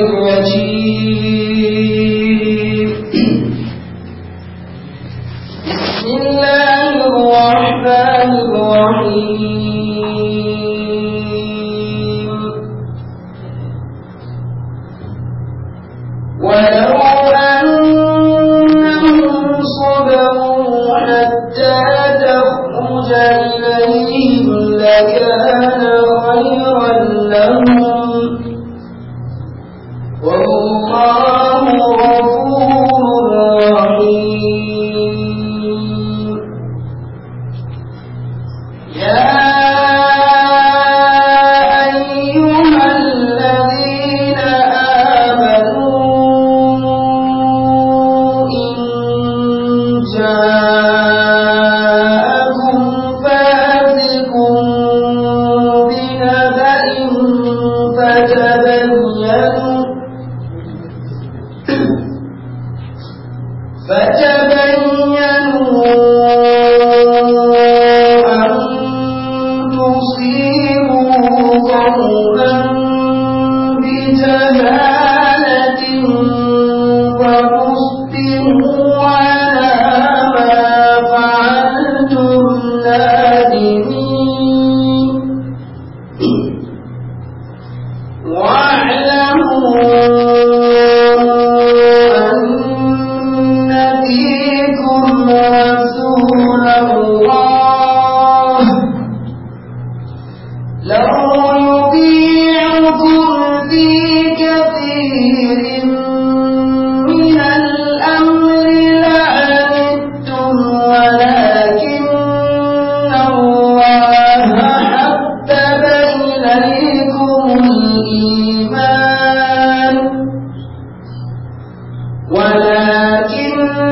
الرجيم ولكن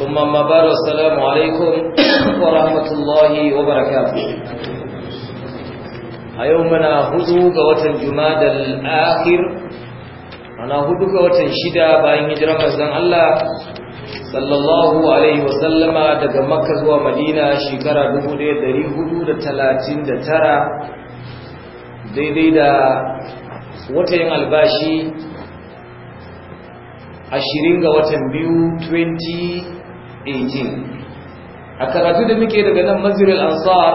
Tumammama bado asalamu alaikum wa rahmatullahi wa barakafi. A yau muna huɗu ga watan Juma da al'akiru muna huɗu ga watan shida bayan hijira masu Allah Sallallahu alaihiwasallama daga Makka zuwa madina shekara dubu ɗaya dari da talatin daidai da wata albashi ashirin ga watan biyu tuwenti. 18 a karatu da muke daga nan maziril ansar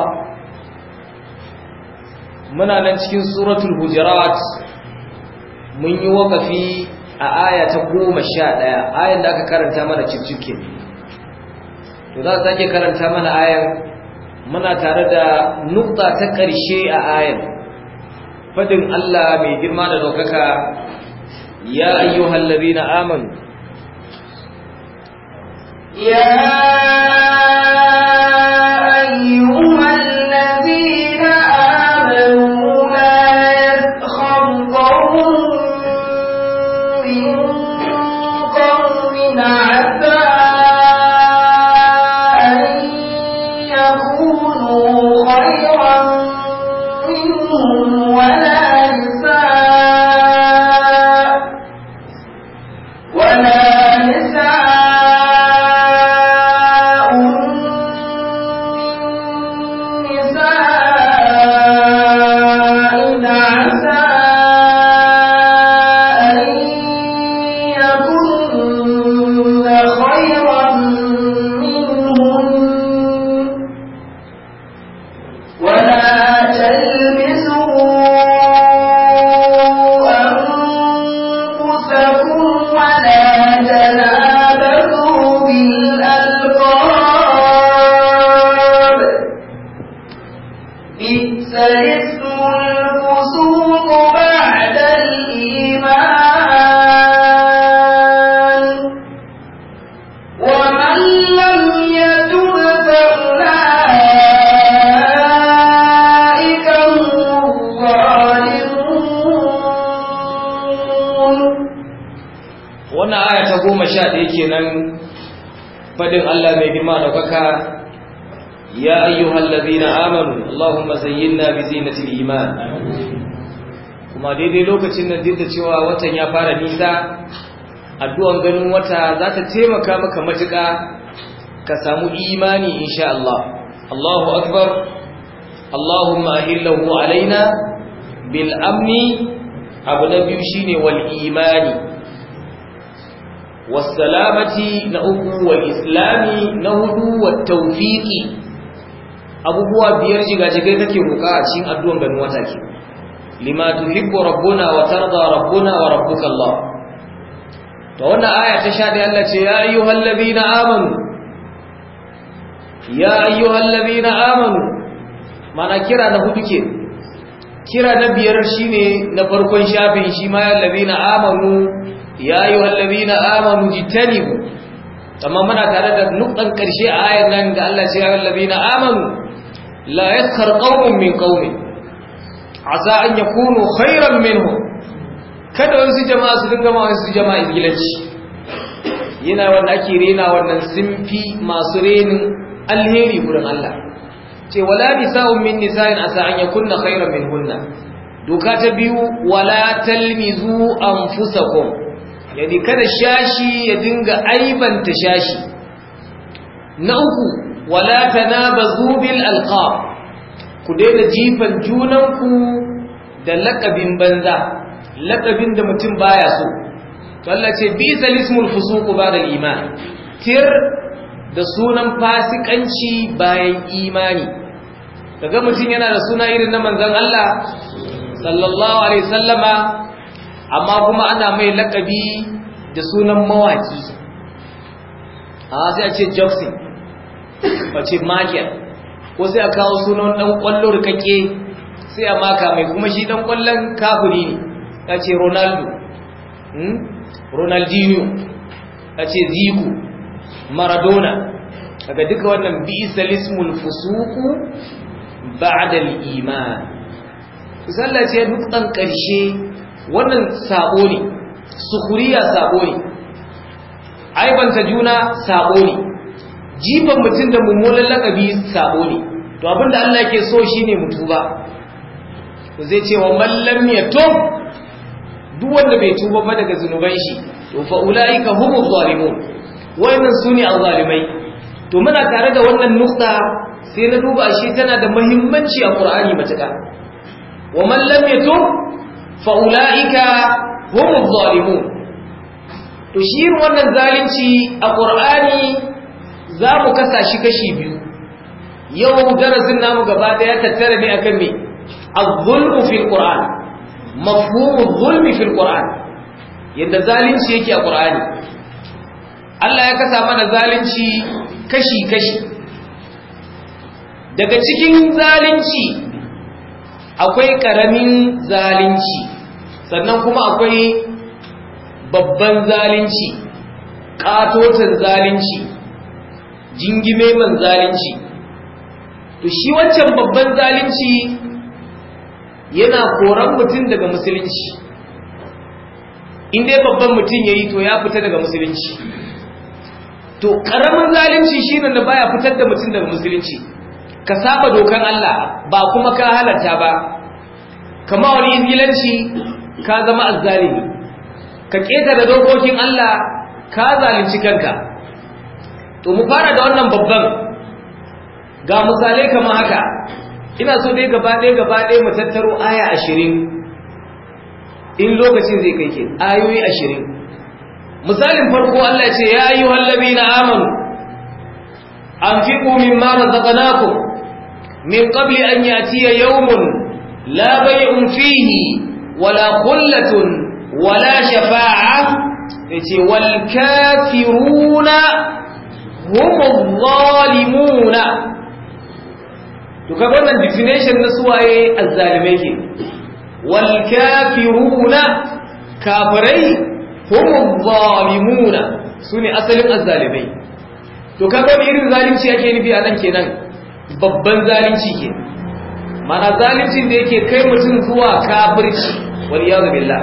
muna nan cikin suratul hujurat mun yi wakafi a aya ta goma sha ɗaya ayan da aka karanta mana cikcike to za ta ke karanta mana ayan muna tare da nukta ta ƙarshe a ayan fadin Allah mai girma da daukaka ya na amanu يا fadin Allah mai girma da baka ya ayyuhal na amanu Allahumma zayyinna bi zinatil iman kuma daidai lokacin nan duk da cewa watan ya fara nisa addu'an ganin wata za ta taimaka maka matuƙa ka samu imani insha Allah Allahu akbar Allahumma ahillahu alaina bil amni abu na biyu shine wal imani wasalamati na uku wa islami na hudu wa tawfiqi abubuwa biyar shiga jigajigai kake roka a cikin addu'an ganin wata ke lima tuhibbu rabbuna wa tarda rabbuna wa rabbuka Allah to wannan aya ta sha da Allah ce ya ayyuhal ladina amanu ya ayyuhal ladina amanu mana kira na hudu ke kira na biyar shine na farkon shafin shi ma yallabi na amanu ya yi ayyuhal ladina amanu jitanibu amma muna tare da nukan karshe a ayar nan da Allah ya ayyuhal ladina amanu ƙaunin min ƙaunin. A qaumin asa an yakunu khairan minhum kada wasu jama'a su dinga ma wasu jama'a gilaci yana wanda ake rena wannan sinfi masu renin alheri gurin Allah ce wala nisa'un min nisa'in a asa an yakunna khairan minhunna doka ta biyu wala talmizu anfusakum yani kada shashi ya dinga aibanta shashi na uku wala ba zubin alqab ku daina jifan junanku da lakabin banza lakabin da mutum baya so to Allah ce bi zalismul fusuq ba'da iman tir da sunan fasikanci bayan imani kaga mutum yana da suna irin na manzon Allah sallallahu alaihi sallama amma kuma ana mai lakabi da sunan mawaki a sai a ce jackson ce ko sai a kawo sunan ɗan kwallo rikakke sai a maka mai kuma shi ɗan ƙwallon kafin ne a ce ronaldo hmm? ronaldinho a ce zico maradona daga duka wannan bisalismul fusuku ba'da al-iman duk dukkan ƙarshe. wannan sabo ne sukuriya sabo ne aibanta juna sabo ne jifan mutum da mummunan lakabi sabo ne to abinda Allah yake so shine ba to zai ce wa mallam ya to duk wanda bai tuba ba daga zunuban shi to fa ulaika humu zalimun wannan sune azzalimai to muna tare da wannan nukta sai na duba shi tana da muhimmanci a Qur'ani matuƙa wa man lam to? fa'ula'ika homo zalimu to shi yin wannan zalunci a ƙur'ani za mu kasa shi kashi biyu yau darasin namu gaba ɗaya tattara ne akan me az-zulmu fil qur'an mafhumu zulmi fil qur'an yadda zalunci yake a qur'ani Allah ya kasa mana zalunci kashi kashi daga cikin zalunci akwai karamin zalunci sannan kuma akwai babban zalunci katotin zalunci jingime man zalunci to shi wancan babban zalunci yana koran mutum daga musulunci Inda babban mutum ya yi to ya fita daga musulunci to ƙaramin zalunci shi da baya fitar da mutum daga musulunci ka saba dokan Allah ba kuma ka halarta ba kama wani ingilanci. ka zama azzalimi ka da dokokin Allah ka zalunci kanka to mu fara da wannan babban ga misalai kamar haka ina so dai gaba ɗaya gaba ɗaya mu tattaro aya ashirin in lokacin zai kai ke ayoyi ashirin misalin farko Allah ce ya yi hallabi na amanu an fi ƙumin mara zaɓanakun min ƙabli an yati ya yawmun labai fihi wala kullatun wala shafa'a yace wal kafiruna humuz zalimuna to kaga wannan definition na suwaye azzalimai ke wal kafiruna kafirai humuz zalimuna sune asalin azzalimai to kaga wani irin zalunci ake nufi a nan kenan babban zalunci kenan mana zalincin da yake kai mutum zuwa kafirci wal billah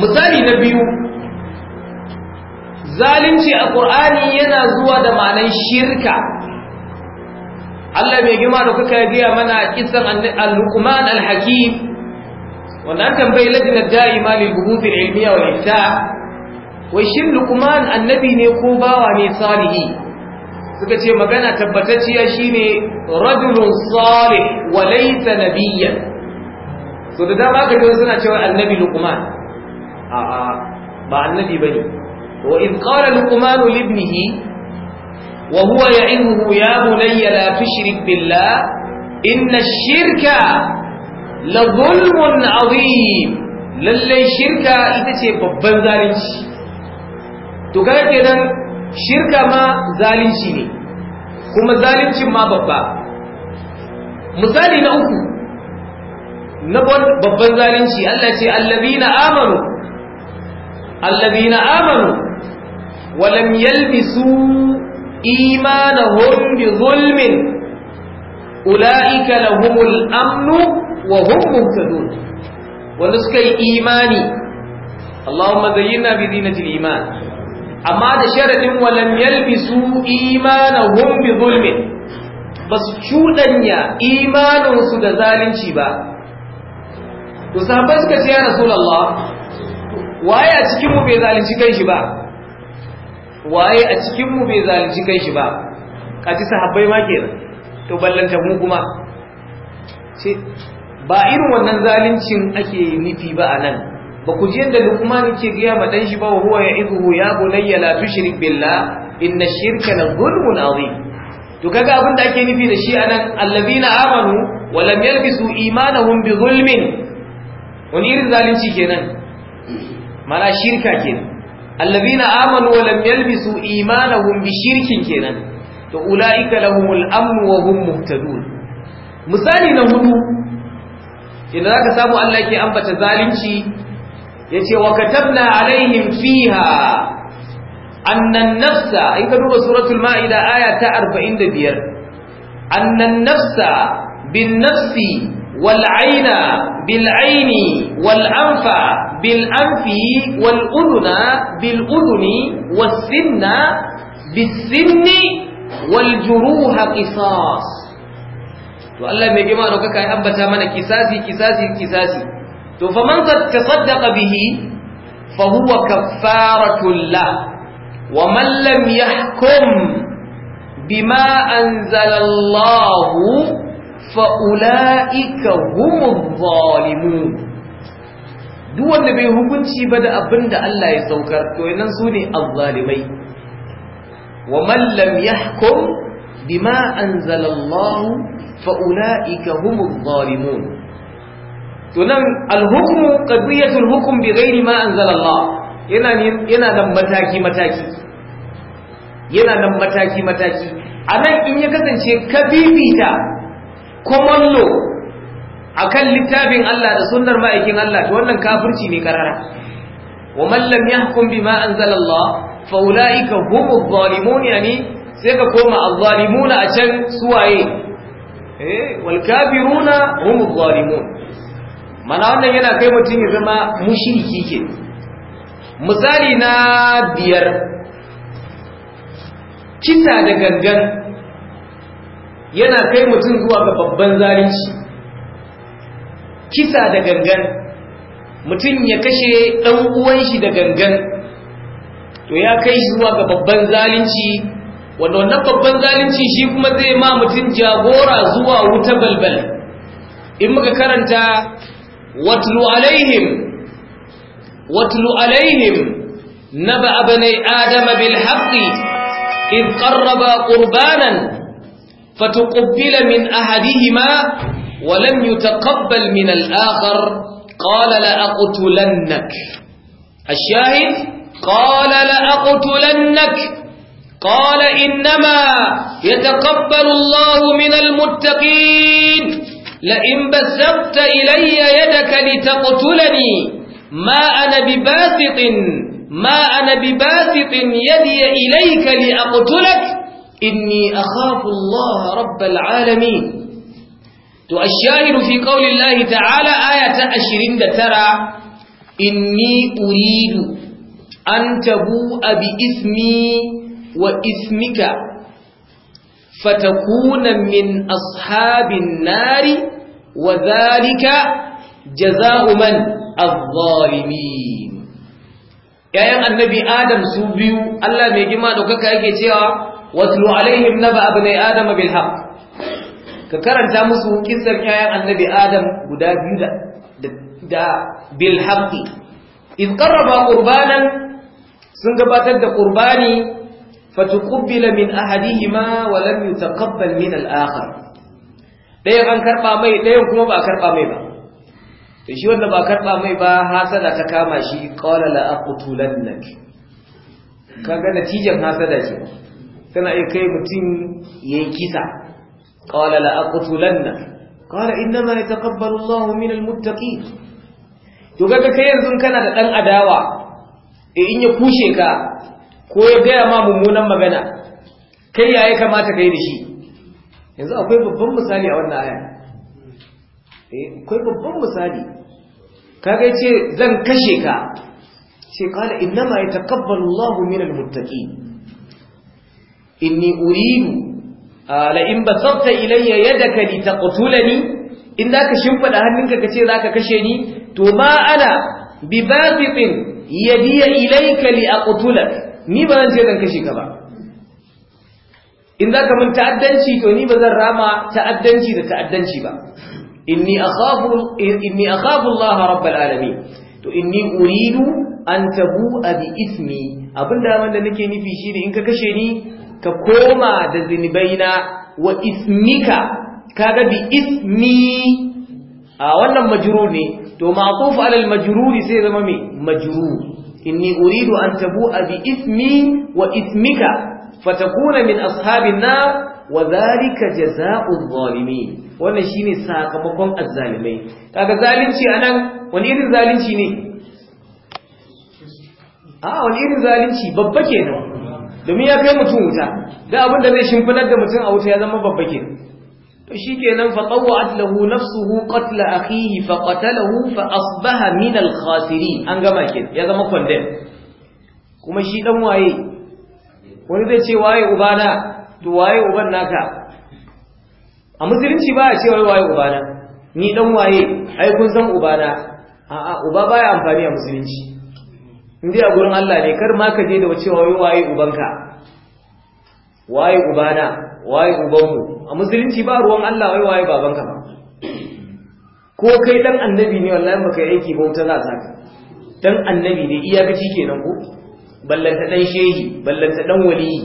misali na biyu zalunci a ƙur'ani yana zuwa da ma'anar shirka Allah mai girma da kuka gaya mana kisan al-Luqman al-Hakim wannan tambayi lajina da'ima lil buhuth al-ilmiya wal ifta wai shin Luqman annabi ne ko bawa ne salihi suka ce magana tabbatacciya shine rajulun salih wa laysa nabiyyan so da dama ka ji suna cewa annabi luqman a a ba annabi bane wa in qala luqman li ibnihi wa huwa ya'iduhu ya bunayya la tushrik billah inna ash-shirka la dhulmun 'azim lalle shirka ita ce babban zalunci to kaga kenan shirka ma zalunci ne kuma zaluncin ma babba misali na uku na babban zalunci Allah ce na amanu allazina amanu wa yalbisu imanahum bi zulmin ulaika lahumul amnu wa hum muhtadun wanda suka yi imani Allahumma zayyinna bi dinatil iman amma da sharadin walam yalbisu imanahum bi zulmin ba su imanun su da zalunci ba to sahabbai suka ce ya rasulullah waye a cikin mu bai zalunci kai shi ba waye a cikin mu bai zalunci kai shi ba kaji sahabbai ma kenan to ballanta mu kuma ce ba irin wannan zaluncin ake nufi ba a nan ba ku ji yadda lukman ke gaya ma dan shi ba wa huwa ya'izuhu ya bunayya la tushrik billah inna shirka la zulmun azim to kaga abin da ake nufi da shi anan allazina amanu wa lam yalbisu imanahum bi zulmin wani irin zalunci kenan mana shirka kenan allazina amanu wa lam yalbisu imanahum bi shirkin kenan to ulaika lahumul amn wa hum muhtadun misali na hudu idan zaka samu Allah yake ambata zalunci yace wa katabna alaihim fiha annan nafsa in ka duba suratul ma'ida aya ta 45 annan nafsa bin nafsi wal aina bil aini wal anfa bil anfi wal uduna bil uduni was sinna bis sinni wal juruha qisas to Allah mai girma da kuka yi ambata mana kisasi kisasi kisasi to fa man tasaddaqa bihi fa huwa kaffaratul la wa man lam yahkum bima anzala Allah fa ulaika humuz zalimun duk wanda bai hukunci ba da abinda Allah ya saukar to nan su ne azzalimai wa man lam yahkum bima anzala Allah fa ulaika humuz zalimun to nan alhukmu qadiyatul hukm bi ghairi ma anzalallah yana yana nan mataki mataki yana nan mataki mataki anan in ya kasance ka bibita common law akan littafin Allah da sunnar ma'aikin Allah to wannan kafirci ne karara wa man lam yahkum bima anzalallah fa ulaika humuz zalimun yani sai ka koma azzalimuna a can suwaye eh wal kafiruna humuz zalimun mana wannan yana kai mutum ya zama mushiki ke misali na biyar kisa da gangan yana kai mutum zuwa ga babban zalunci kisa da gangan mutum ya kashe ɗan uwan shi da gangan to ya kai shi zuwa ga babban zalunci wanda wannan babban zalunci shi kuma zai ma mutum jagora zuwa wuta balbal in muka karanta واتل عليهم واتل عليهم نبأ بني آدم بالحق إذ قربا قربانا فتقبل من أحدهما ولم يتقبل من الآخر قال لأقتلنك الشاهد قال لأقتلنك قال إنما يتقبل الله من المتقين لئن بسطت إلي يدك لتقتلني ما أنا بباسط ما أنا بباسط يدي إليك لأقتلك إني أخاف الله رب العالمين والشاهد في قول الله تعالى آية أشرين ترى إني أريد أن تبوء بإثمي وإثمك فتكون من أصحاب النار Wazalika jazauman jaza'u yayan annabi adam su biyu Allah mai girma yake cewa watlu alaihim naba abnai adam bil haqq ka karanta musu kissar yayan annabi adam guda biyu da da bil haqqi id qarraba qurbanan sun gabatar da qurbani fatuqbila min ahadihima wa lam yutaqabbal min al-akhar Ɗaya an karɓa mai ɗaya kuma ba a karɓa mai ba to shi wanda ba a karɓa mai ba hasada ta kama shi ƙawala la aqtulannak kaga natijan hasada ce tana iya kai mutum ya yi kisa ƙawala la aqtulannak ma ya yataqabbalu Allah min almuttaqin to kaga kai yanzu kana da ɗan adawa e in ya kushe ka ko ya gaya ma mummunan magana kai yaya kamata kai da shi yanzu akwai babban misali a wannan aya eh, akwai babban misali kaga ce zan kashe ka sai kala innama yataqabbalu Allahu minal muttaqin inni uridu Ala in basarta ilayya yadaka litaqtulani in zaka shimfida hannunka kace zaka kashe ni to ma ana bi basitin yadiya ilayka liaqtulak ni ba zan je zan kashe ka ba in za ka mun ta'addanci to ni ba zan rama ta'addanci da ta'addanci ba inni akhafu inni akhafu Allah rabbul alamin to inni uridu an tabu bi ismi da wanda nake nufi shine in ka kashe ni ka koma da zinubaina wa ismika kaga bi ismi a wannan majrur ne to ma'tuf ala al majrur sai zama me majrur inni uridu an tabu bi ismi wa ismika fatakuna min ashabin nar wa dhalika jazaa'u zalimin wannan shine sakamakon azzalimai kaga zalunci anan wani irin zalunci ne a wani irin zalunci babba kenan domin ya kai mutum wuta da abin da zai shimfinar da mutum a wuta ya zama babba kenan to shikenan fa qawwat lahu nafsuhu qatl akhihi fa qatalahu fa asbaha min al an gama kenan ya zama condemn kuma shi dan waye wani zai ce waye ubana to waye uban naka a musulunci ba a ce wai waye ubana ni dan waye ai kun san ubana a'a uba baya amfani a musulunci in a gurin Allah ne kar ma ka je da cewa waye waye ubanka waye ubana waye ubanmu a musulunci ba ruwan Allah wai waye babanka ba ko kai dan annabi ne wallahi baka yi aiki bauta za ka dan annabi ne iyakaci kenan ko ballanta dan shehi ballanta dan waliyi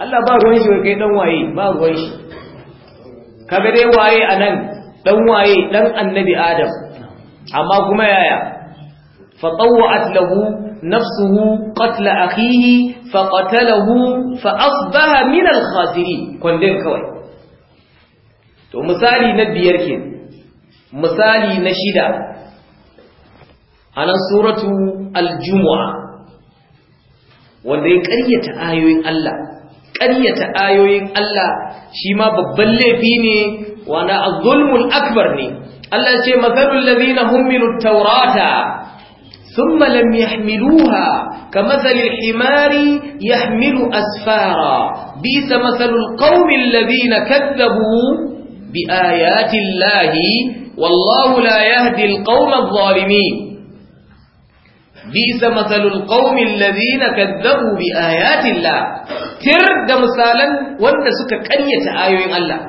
Allah ba ruwan shi kai dan waye ba ruwan shi kaga dai waye anan dan waye ɗan annabi adam amma kuma yaya fa tawwa'at lahu nafsuhu qatl akhihi fa qatalahu fa asbaha min al khasirin kawai to misali na biyar ke misali na shida anan suratu al jumu'ah wanda ya ƙaryata ayoyin Allah ƙaryata ayoyin Allah shi ma babban laifi ne wana az-zulmul akbar ne Allah ce mathalul ladina hum minut taurata thumma lam yahmiluha kamathalil himari yahmilu asfara bisa mathalul qaumil ladina kadzabu biayati llahi wallahu la yahdi al-qauma dhalimin bisa masalul ƙaumin ladina kadzabu bi la. tir da misalan wanda suka karyata ayoyin Allah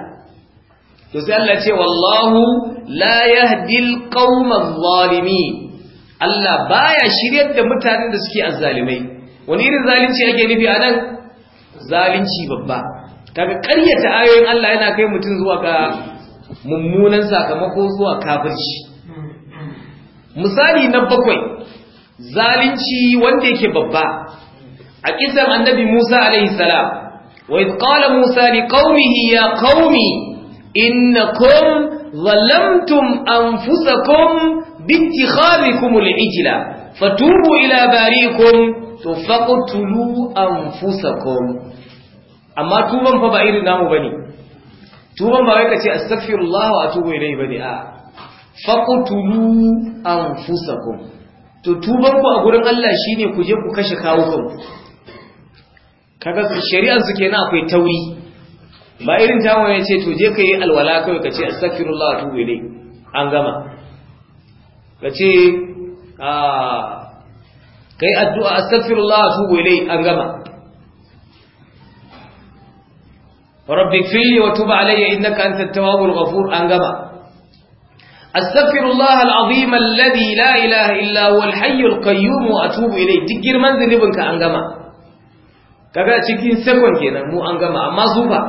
to sai Allah ce wallahu la ƙauman qauman Allah baya shiryar da mutanen da suke azzalimai wani irin zalunci yake nufi a nan zalunci babba kaga ƙayyata ayoyin Allah yana kai mutum zuwa ga mummunan sakamako zuwa kafirci misali na bakwai zalunci wanda yake babba a ƙisan annabi Musa alaihi salam wa idh Musa ni qaumihi ya qaumi innakum zalamtum anfusakum bi ittikhadikum al-ijla fatubu ila barikum tufaqtulu anfusakum amma tuban fa ba irin namu bane tuban ba wai kace astaghfirullah wa atubu ilayhi bane a faqtulu anfusakum to tuban ku a gurin Allah ne ku je ku kashe kawukanku kaga shari'ar su kenan akwai tauri ba irin tamu ya ce to je ka yi alwala kawai ka ce astaghfirullah wa tubu ilai an gama ka ce a ah, kai addu'a astaghfirullah wa tubu ilai an gama rabbi fili wa tub alayya innaka antat tawwabul ghafur an gama استغفر الله العظيم الذي لا اله الا هو الحي القيوم واتوب اليه duk girman zunubin ka an gama kaga cikin second kenan mu an gama amma zufa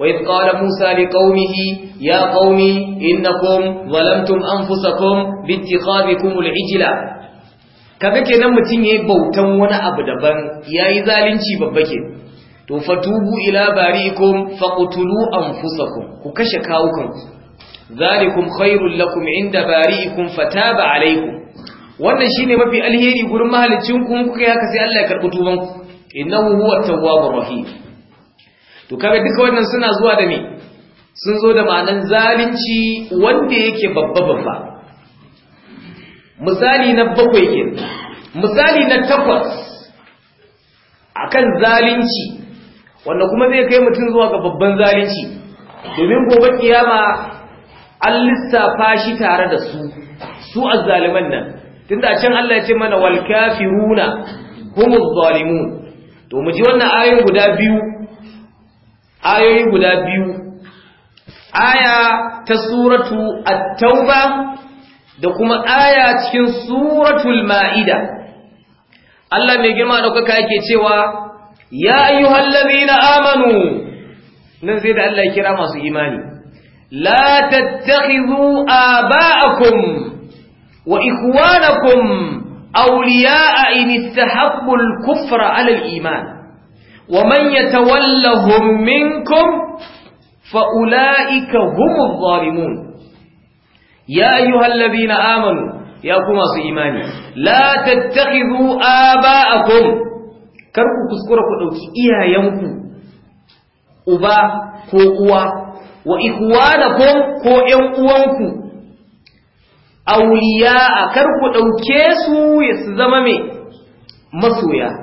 wa id qala musa liqaumihi ya qaumi innakum zalamtum anfusakum bittikhabikum alijla kaga kenan mutun yayi bautan wani abu daban yayi zalunci babba ke to fatubu ila bariikum faqtulu anfusakum ku kashe kawukan zalikum khairul lakum inda bari'ikum fataba alaykum wannan shine mafi alheri gurin mahalicin ku kuka yi haka sai Allah ya karbi tuban ku innahu huwa tawwabur rahim to kabe duka wannan suna zuwa da me sun zo da ma'anan zalunci wanda yake babba babba misali na bakwai ke misali na takwas akan zalunci wanda kuma zai kai mutum zuwa ga babban zalunci domin gobe kiyama an lissafa shi tare da su su azzaliman nan tunda can Allah ya ce mana wal kafiruna humuz zalimun to mu ji wannan ayoyi guda biyu ayoyi guda biyu aya ta suratu at-tauba da kuma aya cikin suratul ma'ida Allah mai girma da kuka yake cewa ya ayyuhallazina amanu nan sai da Allah ya kira masu imani لا تتخذوا آباءكم وإخوانكم أولياء إن استحبوا الكفر على الإيمان ومن يتولهم منكم فأولئك هم الظالمون يا أيها الذين آمنوا يا كما إيماني لا تتخذوا آباءكم كركوا كسكركم أو إيا يمكو أبا كوكوا wa ikhwanakum ko ƴan uwanku awliya kar ku ɗauke su ya su zama mai. masoya ya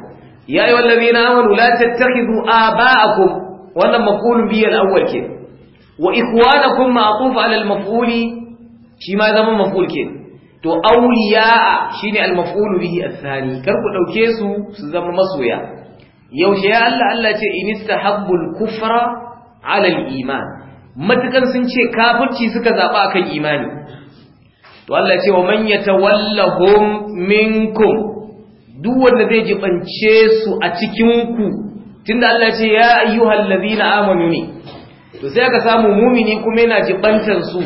yi ayyuhal ladina amanu la tattakhidhu aba'akum wannan maqulun bi al-awwal ke wa ikhwanakum ma'tuf ala al-maf'uli shi ma zama maf'ul ke to awliya shine al-maf'ulu bihi ath-thani kar ku dauke su su zama masoya yaushe ya Allah Allah ce in istahabbul kufra ala al-iman matukar sun ce kafirci suka a kan imani to Allah ce wa ta yatawallahum minkum duk wanda zai jibance su a cikinku. ku tunda Allah ce ya hallabi na amanu ne to sai aka samu mumini kuma yana jibantar su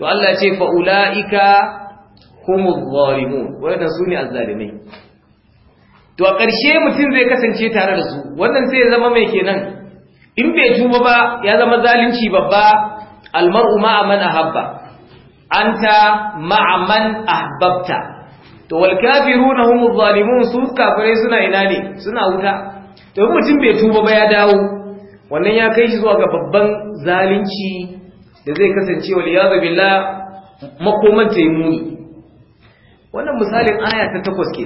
to Allah ce fa’ula’ika ulaika zuwarimu zalimun su ne azalimai to a ƙarshe mutum zai kasance tare da su wannan sai ya zama mai kenan in bai tuba ba ya zama zalunci babba almar'u ma'a man ahabba anta a man ahbabta to wal kafiruna humu zalimun su kafirai suna ina ne suna wuta to mutum bai tuba ba ya dawo wannan ya kai shi zuwa ga babban zalunci da zai kasance wal yazu billah makoman muni. wannan misalin aya ta 8 ke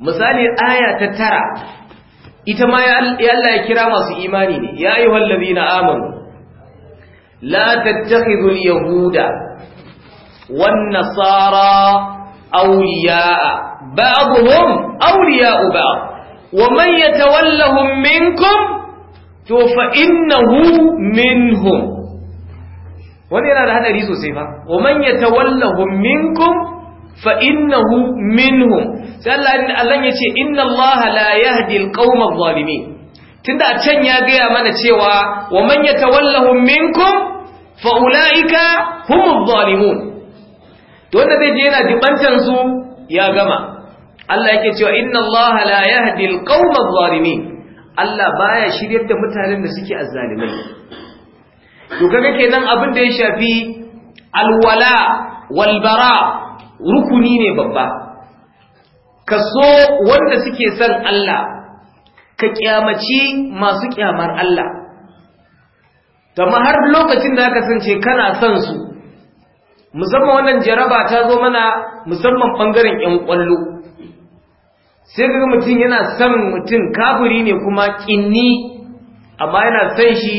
misalin aya ta tara. ita ma ya Allah ya kira masu imani ne ya ayyuhal na amanu la tattakhidhu al-yahuda wan nasara awliya'a ba'dhum awliya'u ba'd wa man yatawallahum minkum to fa innahu minhum wani yana da hadari sosai fa wa man yatawallahum minkum fa innahu minhum sai Allah Allah ya ce inna Allah la yahdi al adh-dhalimin tunda a can ya gaya mana cewa wa man yatawallahum minkum fa ulaika hum adh-dhalimun to wanda zai je yana dibantan su ya gama Allah yake cewa inna Allah la yahdi al adh-dhalimin Allah baya shiryar da mutanen da suke azzalimai to kaga kenan abin da ya shafi alwala walbara rukuni ne babba ka so wanda suke son Allah ka kyamaci masu kyamar Allah kama har lokacin da aka sance kana son su musamman wannan jaraba ta zo mana musamman bangaren yan kwallo sai ga mutum yana son mutum kafiri ne kuma kinni amma yana son shi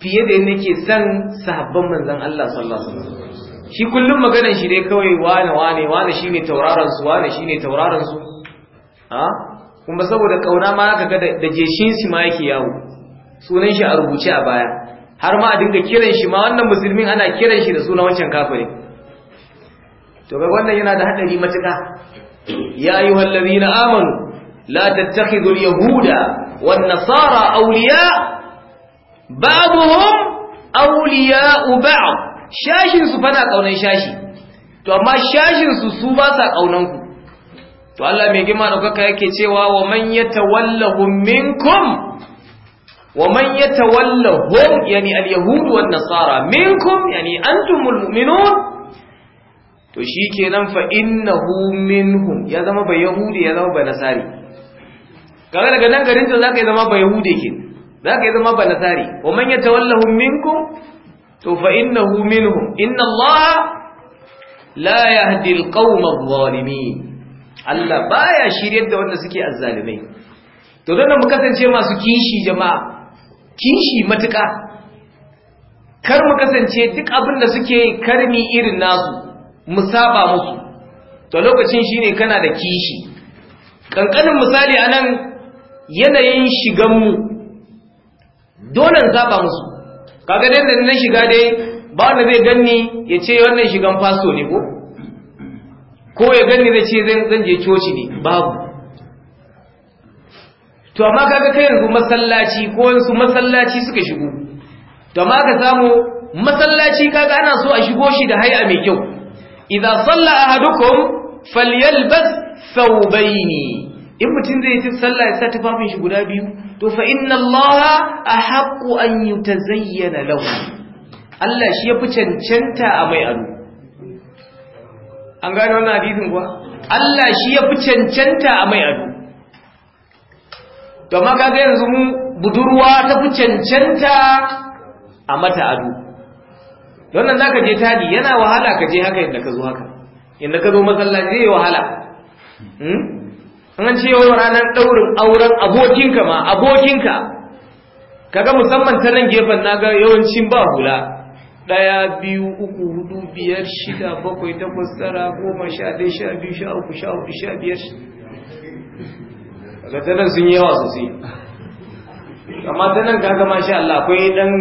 fiye da yake son sahabban manzon Allah sallallahu alaihi wasallam shi kullum maganan shi dai kawai wane wane wane shine tauraron su wane shine tauraron su ha kuma saboda kauna ma kaga da jeshin shi ma yake yawo sunan shi a rubuce a baya har ma a dinga kiran shi ma wannan musulmin ana kiran shi da sunan wancan kafiri to ga wannan yana da hadari matuka ya ayyuhal ladina amanu la tattakhidul yahuda wan nasara awliya ba'dhum awliya ba'd shashin su fa na kaunan shashi to amma shashin su su ba sa kaunan ku to Allah mai gima daukaka yake cewa wa man yatawallahum minkum wa man yatawallahum yani al-yahud wan nasara minkum yani antumul mu'minun to shi kenan fa innahu minhum ya zama ba yahudi ya zama ba nasari kaga daga nan garin da zaka yi zama ba yahudi ke zaka yi zama ba nasari wa man yatawallahum minkum to fa innahu minhum inna Allah la yahdi alqawm adh-dhalimin Allah baya shiryar da wanda suke azzalimai to dan mu kasance masu kishi jama'a kishi matuka kar mu kasance duk abin da suke karmi irin nasu mu saba musu to lokacin shine kana da kishi kankanin misali anan yanayin shigan mu dole saba musu kaga dai da na shiga dai ba wanda zai ganni ya ce wannan shigan faso ne ko ko ya ganni zai ce zan je coci ne babu to amma kaga kai yanzu masallaci ko yanzu masallaci suka shigo to amma ka samu masallaci kaga ana so a shigo shi da haya mai kyau idza salla ahadukum falyalbas thawbayni in mutum zai ci sallah ya sa tufafin shi guda biyu to fa inna Allah ahaqqu an yutazayyana lahu Allah shi yafi cancanta a mai ado an gano wannan hadisin kuwa Allah shi yafi cancanta a mai ado to amma kaga yanzu mu budurwa ta fi cancanta a mata ado don nan zaka je tadi yana wahala ka je haka inda ka zo haka inda ka zo masallaci zai wahala hmm? an ce yau ranar ɗaurin auren abokinka ma abokinka kaga musamman ta nan gefen naga yawancin ba hula ɗaya biyu uku hudu biyar shida bakwai takwas tara goma sha ɗaya sha biyu sha uku sha hudu sha biyar daga ta nan sun yi yawa sosai amma ta nan kaga sha Allah akwai ɗan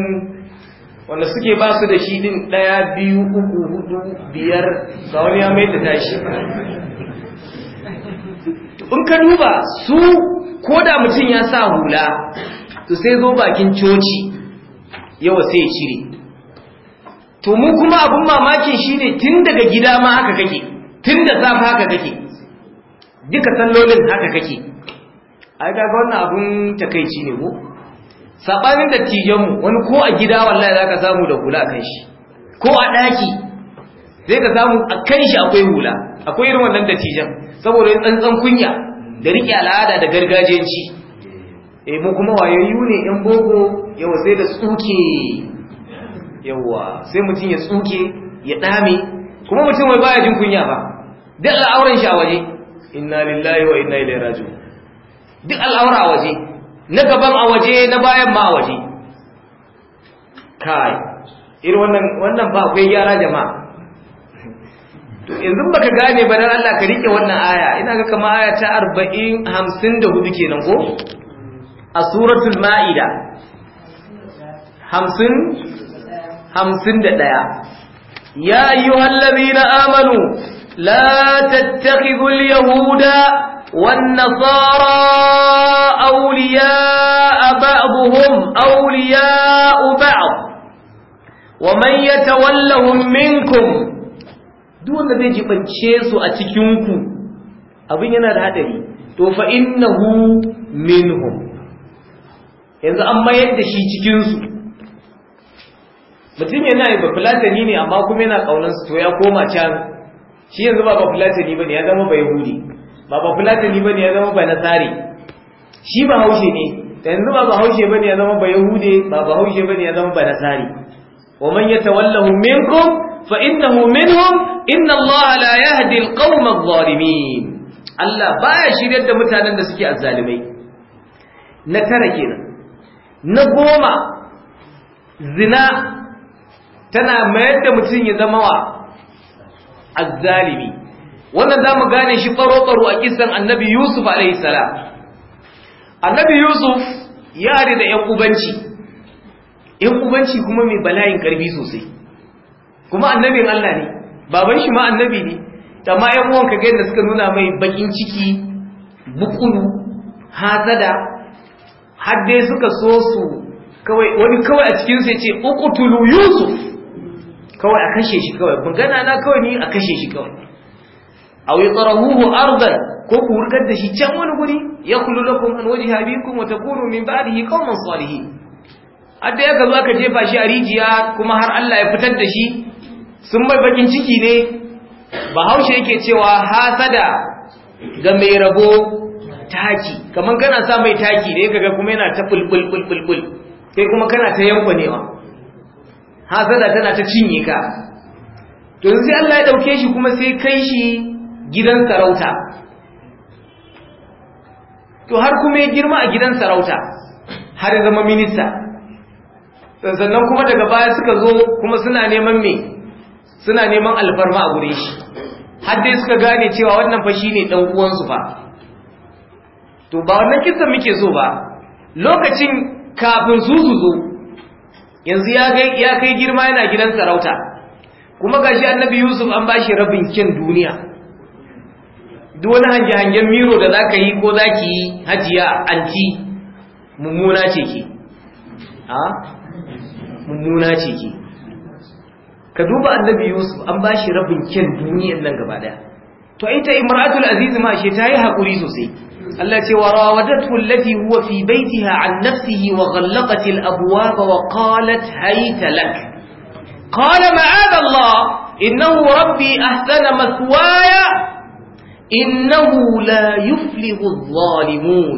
wanda suke ba su da shi ɗin ɗaya biyu uku hudu biyar ga wani ya mai da tashi in ka duba su ko da mutum ya sa hula to sai zo bakin coci yawa sai ya cire to mu kuma abin mamakin shine tun daga gida ma haka kake tun da zafi haka kake duka sallolin haka kake ai ga wannan abun takaici ne ko sabanin mu, wani ko a gida wallahi zaka samu da hula kan shi ko a ɗaki, zai ka samu a kan shi akwai hula akwai irin wannan dattijan saboda tsantsan kunya da riƙe al'ada da gargajiyanci eh. eh mu kuma wayayyu ne yan boko yawa sai da tsuke yawa sai mutum ya tsuke ya dame kuma mutum wai baya jin kunya ba duk al'auran shi a waje inna lillahi wa inna ilaihi raji'un duk al'aura a waje na gaban a waje na bayan ma a waje kai irin wannan wannan ba akwai gyara jama'a to yanzu baka gane ba dan Allah ka rike wannan aya ina ga kamar aya ta 40 54 kenan ko a suratul maida 50 51 ya ayyuhal ladina amanu la tattakhidul yahuda wan nasara awliya ba'dhum awliya ba'd wa man يتولهم minkum duk wanda zai jibance su a cikin ku abin yana da hadari to fa innahu minhum yanzu an mayar da shi cikin su mutum yana yi ba fulatani ne amma kuma yana kaunan su to ya koma can shi yanzu ba ba fulatani bane ya zama ba yahudi ba ba fulatani bane ya zama ba nasari shi ba haushe ne yanzu ba bahaushe bane ya zama ba yahude ba bahaushe bane ya zama ba nasari wa man yatawallahu فإنه منهم إن الله لا يهدي القوم الظالمين Allah baya shiryar da mutanen da suke azzalimai na tara kenan na goma zina tana mayar da mutum ya zama wa azzalimi wannan zamu gane shi faro a kisan annabi Yusuf alaihi salam annabi Yusuf ya yare da yan ubanci kuma mai bala'in ƙarfi sosai kuma annabin Allah ne baban shi ma annabi ne amma ƴan uwan ga yadda suka nuna mai bakin ciki bukulu hazada har dai suka so su kawai wani kawai a cikin su yace uqtulu yusuf kawai a kashe shi kawai magana na kawai ni a kashe shi kawai aw yatrahuhu ardan ko ku hurgar da shi can wani guri yakhlu lakum an wajha bikum wa takunu min ba'dihi qauman salihin adda ya gazo aka jefa shi a rijiya kuma har Allah ya fitar da shi sun mai bakin ciki ne bahaushe yake cewa hasada ga mai rabo taki kamar kana sa mai taki ne kaga kuma yana ta bulbulbulbul kai kuma kana ta yankwanewa hasada tana ta cinye ka to sai Allah ya dauke shi kuma sai kai shi gidan sarauta to har kuma ya girma a gidan sarauta har ya zama minista sannan kuma daga baya suka zo kuma suna neman mai. suna neman alfarma a gure shi har dai suka gane cewa wannan fa shine dan uwansu fa to ba wannan kisan muke so ba lokacin kafin su su zo yanzu ya kai girma yana gidan sarauta kuma gashi annabi yusuf an bashi rabin kyan duniya duk wani hange-hangen miro da za ka yi ko za ki yi hajiya anti mummuna mummuna ce ke ka duba annabi yusuf an ba shi rabin kyan duniyan nan gaba daya to ita imratul aziz ma she ta yi hakuri sosai Allah ce wa rawadatu allati huwa fi baitiha an nafsihi wa ghallaqat al abwaba wa qalat hayta lak qala ma'ad Allah innahu rabbi ahsana mathwaya innahu la yuflihu adh-dhalimun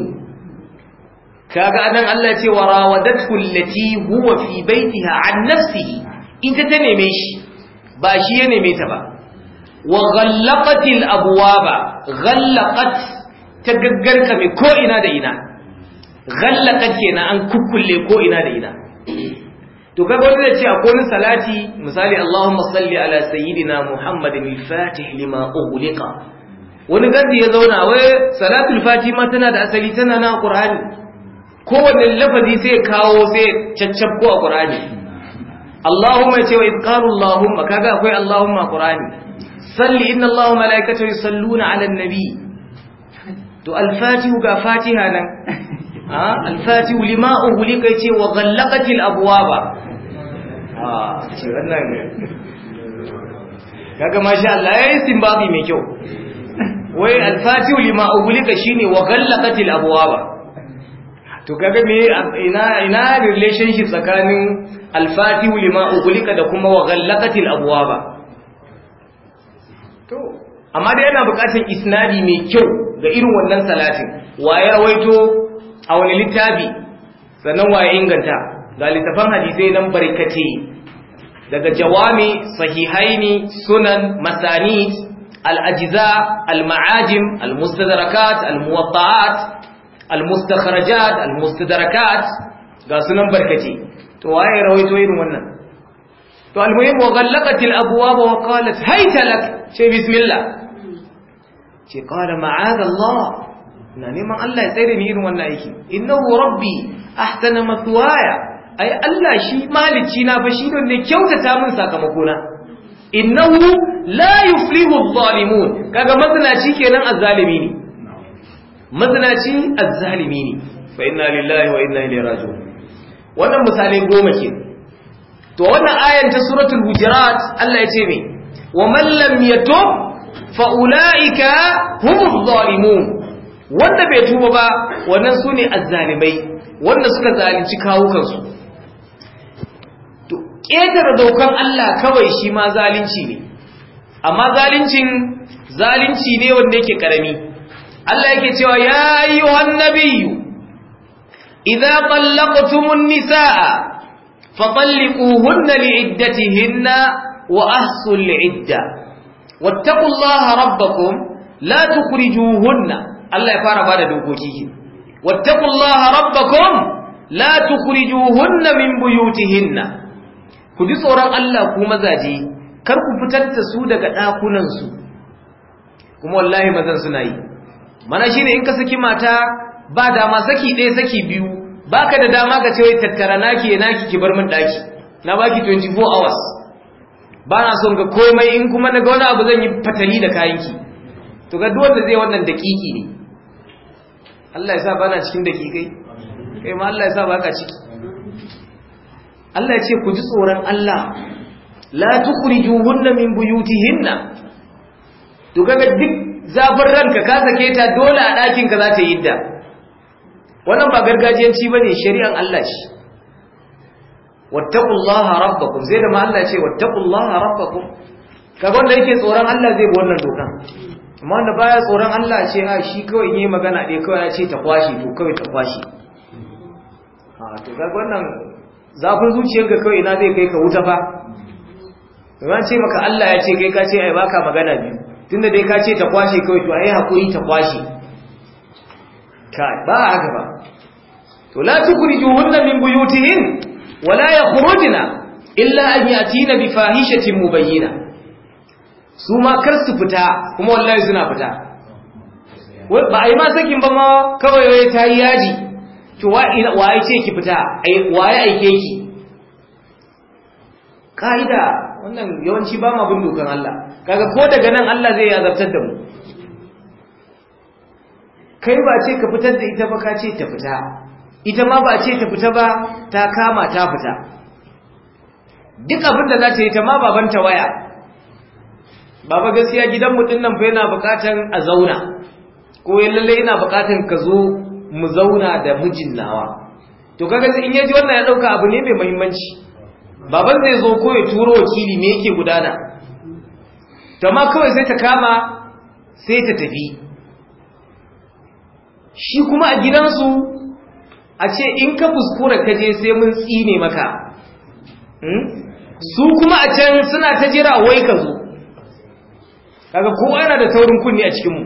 kaga anan Allah ce wa rawadatu allati huwa fi baitiha an nafsihi ita ta neme shi ba shi ya neme ta ba wa ghallaqatil abwaba ghallaqat ta gaggarka mai ko ina da ina ghallaqat kenan an kukkulle ko ina da ina to kaga wanda ya ce a konin salati misali Allahumma salli ala sayyidina Muhammadin al-Fatih lima ughliqa wani gandi ya zauna wai salatul fatih ma tana da asali tana na Qur'ani kowane lafazi sai kawo sai caccabko a Qur'ani Allahumma ya ce wa izkaru Allahumma kaga akwai Allahumma Qur'ani salli inna Allahu malaikatahu yusalluna 'alan nabi to al ga fatiha nan ah, ah, wannan ne kaga masha Allah yayi simbabi mai kyau wai alfatihu lima uhli shine wa ghallaqatil abwaba to kaga me ina ina relationship tsakanin al-fatihu lima ughliqa da kuma wa ghallaqatil abwaba to amma dai yana buƙatar isnadi mai kyau ga irin wannan salatin waye rawaito a wani littafi sannan waye inganta ga littafan hadisai nan barkate daga jawami sahihaini sunan masanid al-ajza al-ma'ajim al-mustadrakat al-muwatta'at al-mustakharajat al-mustadrakat ga sunan barkace to waye rawaito irin wannan to al-muhim wa ghallaqat al-abwab wa qalat hayta lak ce bismillah ce qala ma'ad Allah na neman Allah ya tsare ni irin wannan aiki innahu rabbi ahsana mathwaya ai Allah shi malici na fa shi ne kyautata min sakamako na innahu la yuflihu adh-dhalimun kaga mazna shi kenan zalimi ne mazinaci azzalimi ne fa inna lillahi wa inna ilaihi raji'un wannan misalai goma ke to wannan ayan ta suratul hujurat Allah ya ce me wa man lam yatub fa ulaika humuz zalimun wanda bai tuba ba wannan sune azzalimai wanda suka zalunci kawukansu. su to dokan Allah kawai shi ma zalunci ne amma zaluncin zalunci ne wanda yake karami Allah yake cewa ya ayyuhan nabiyyu idza tallaqtumun nisaa fatalliquhunna li'iddatihinna wa ahsul li'idda wattaqullaha rabbakum la tukhrijuhunna Allah ya fara bada dokoki wattaqullaha rabbakum la tukhrijuhunna min buyutihinna ku ji tsoron Allah ku mazaje kar ku fitar da su daga ɗakunansu kuma wallahi mazan suna yi mana shi ne in ka saki mata ba dama saki ɗaya saki biyu ba ka da dama ka ce wai tattara naki ya naki ki bar min ɗaki na baki 24 hours ba na son ga komai in kuma na ga wani abu zan yi fatali da ki to ga duk wanda zai wannan dakiki ne Allah ya sa ba na cikin dakikai kai ma Allah ya sa ba ka ciki Allah ya ce ku ji tsoron Allah la tukhrijuhunna min buyutihinna to kaga duk zafin ranka ka sake ta dole a ɗakinka za ta yi da wannan ba gargajiyanci ba ne shari'an Allah shi wattakullaha kun, zai da ma Allah ce wattakullaha rabbakum kaga wanda yake tsoron Allah zai bi wannan dokan amma wanda baya tsoron Allah ce a shi kawai yi magana ɗaya kawai ya ce ta kwashe to kawai ta kwashe a to kaga wannan zafin zuciyarka kawai ina zai kai ka wuta fa ba ce maka Allah ya ce kai ka ce ai baka magana biyu tunda dai ka ce ta kwashe kawai to yi hakuri ta kwashe ka ba haka ba to la tukhrijuhunna min buyutihin wa la yakhrujna illa an yatina bi fahishatin mubayyina su ma kar su fita kuma wallahi suna fita ba a yi ma sakin ba ma kawai ta yi yaji to waye ce ki fita waye aike ki ka'ida wannan yawanci ba ma bin dokan Allah kaga ko daga nan Allah zai azabtar da mu kai ba ce ka fitar da ita ba ka ce ta fita ita ma ba ce ta fita ba ta kama ta fita duk abin da za ta yi ta ma baban ta waya baba gaskiya gidan mutum nan fa yana bukatan a zauna ko ya lalle yana bukatan ka zo mu zauna da mijin nawa to kaga in yaji wannan ya dauka abu ne mai muhimmanci baban zai zo ko ya turo wakili me yake gudana ma kawai sai ta kama sai ta tafi shi kuma a gidansu a ce in ka fuskura ka je sai mun tsine maka hmm? su kuma a can suna ta jira wai ka zo kaga kowa yana da taurin kunni a cikinmu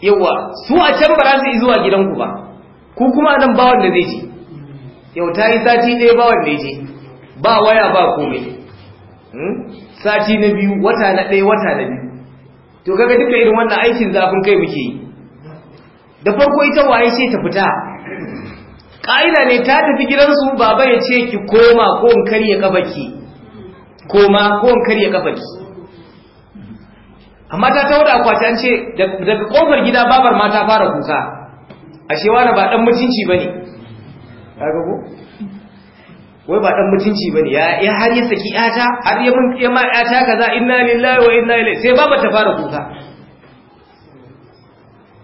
Yauwa su a can ba za su yi zuwa gidanku ba ku kuma nan bawan da zai ce yau ta yi sati ɗaya ba wanda je ba waya ba kome. Hmm? sati na biyu wata na ɗaya wata na biyu to kaga duka irin wannan aikin zafin kai muke yi da farko ita waye ce ta fita ƙa'ida ne ta tafi gidansu baba ya ce ki koma ko in karya kafaki koma ko in kafaki amma ta tauda da akwati an ce daga kofar gida babar ma ta fara kuka ashe wani ba dan mutunci bane kaga ko wai ba dan mutunci bane ya ya har ya saki yata har ya mun ya ma yata kaza inna lillahi wa inna ilaihi sai baba ta fara kuka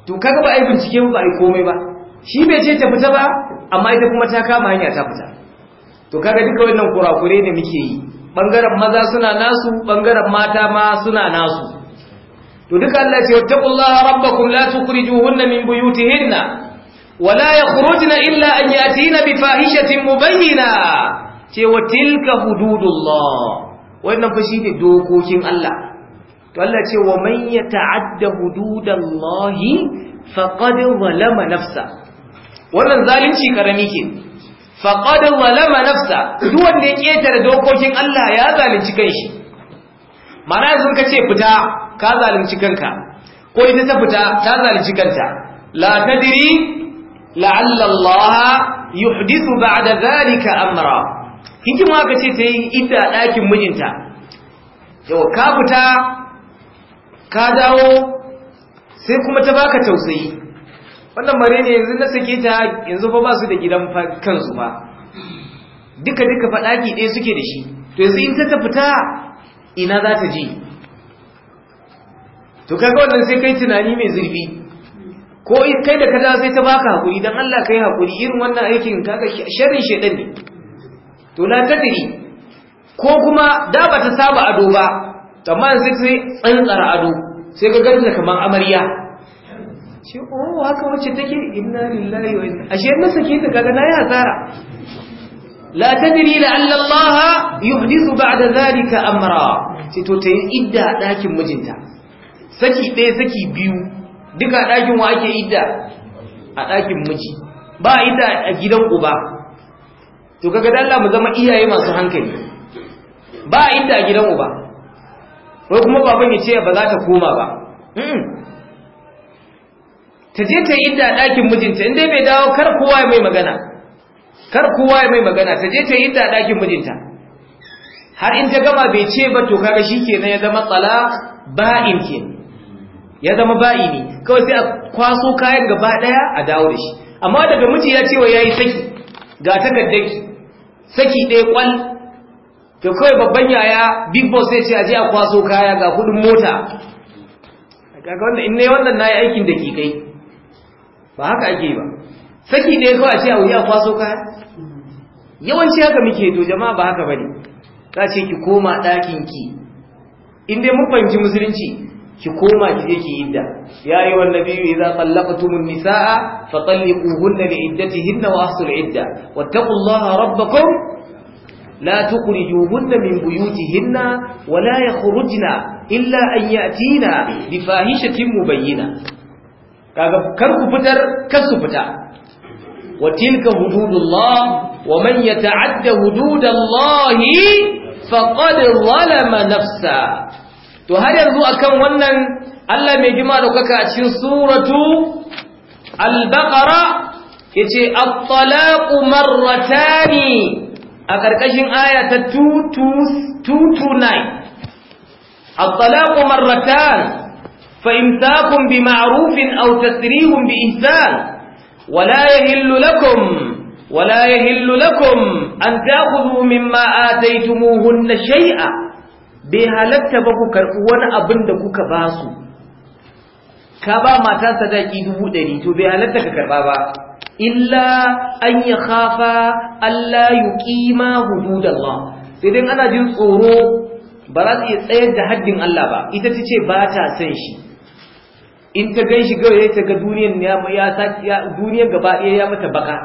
to kaga ba ai bincike ba ai komai ba shi bai je ta fita ba amma ita kuma ta kama hanya ta fita to kaga duka wannan kurakure ne muke yi bangaren maza suna nasu bangaren mata ma suna nasu to duka Allah ya ce wattaqullaha rabbakum la tukhrijuhunna min buyutihinna wala yakhrujna illa an yatina bi fahishatin mubayyina ce wa tilka hududullah wannan fa shine dokokin Allah to Allah ce wa man yata'adda hududallahi faqad zalama nafsa wannan zalunci karami ke faqad zalama nafsa duk wanda ya ketare dokokin Allah ya zalunci kanshi mana yanzu ka ce fita ka zalunci kanka ko ita ta fita ta zalunci kanta la tadri la'alla Allah yuhdithu ba'da zalika amra hikima ka ce ta yi ita a ɗakin mijinta yau ka fita ka dawo sai kuma ta baka tausayi wannan mare ne yanzu na sake ta yanzu fa ba su da gidan kansu ba duka duka fa ɗaki ɗaya suke da shi to yanzu in ta ta fita ina za ta je to kaga wannan sai kai tunani mai zurfi ko in kai da kaza sai ta baka hakuri dan Allah kai hakuri irin wannan aikin kaga sharrin shedan ne to la tadri ko kuma da ba ta saba ado ba amma yanzu sai tsantsara ado sai ka da kamar amarya ce o oh, haka wacce take inna lillahi wa inna ashe na sake ta kaga nayi hasara la tadri la alla Allah yuhdithu ba'da zalika amra sai to tayi idda dakin mijinta saki ɗaya saki biyu duka a ɗakin wa ake idda a ɗakin miji ba a idda a gidan uba to kaga da Allah mu zama iyaye masu hankali ba a idda a gidan uba wai kuma baban ya ce ba za ta koma ba ta je ta idda a ɗakin mijinta inda bai dawo kar kowa ya mai magana kar kowa ya mai magana ta je ta idda a ɗakin mijinta har in ta gama bai ce ba to kaga shikenan ya zama tsala ba'in kenan ya zama ba'i ne kawai sai a kwaso kayan gaba daya a dawo da shi amma daga miji ya ce wa yayi saki ga takaddaki saki ɗaya kwal to kawai babban yaya big boss sai ce aje a kwaso kaya ga kudin mota kaga wannan in ne wannan nayi aikin da ke kai ba haka ake ba saki ɗaya kawai a ce a wuya kwaso kaya yawanci haka muke to jama'a ba haka bane za ce ki koma ɗakin ki in dai mun fahimci musulunci ki koma ki je ki idda ya yi wannan biyu idza tallaqtumun nisaa fa talliquhunna li iddatihinna wa ahsul idda wattaqullaha rabbakum la tukhrijuhunna min buyutihinna wa la yakhrujna illa an yatina bi fahishatin mubayyina kaga kar ku fitar kar su fita wa tilka hududullah wa man yata'adda hududallahi faqad zalama nafsa to har yanzu akan wannan Allah mai gima da kaka a cikin suratu al-baqara yace at-talaqu marratani a karkashin aya ta 229 at-talaqu marratan fa kun bi ma'rufin aw tasrihun bi ihsan wala yahillu lakum ولا يهل لكم أن تأخذوا مما آتيتموهن شيئا bai halatta ba ku karɓi wani abin da kuka ba su ka ba mata sadaki dubu ɗari to bai halatta ka karɓa ba illa an ya khafa Allah da hududallah sai dai ana jin tsoro ba za su iya tsayar da haddin Allah ba ita ta ce ba ta san shi in ta gan shi gawai ta ga duniyar gaba ɗaya ya mata baka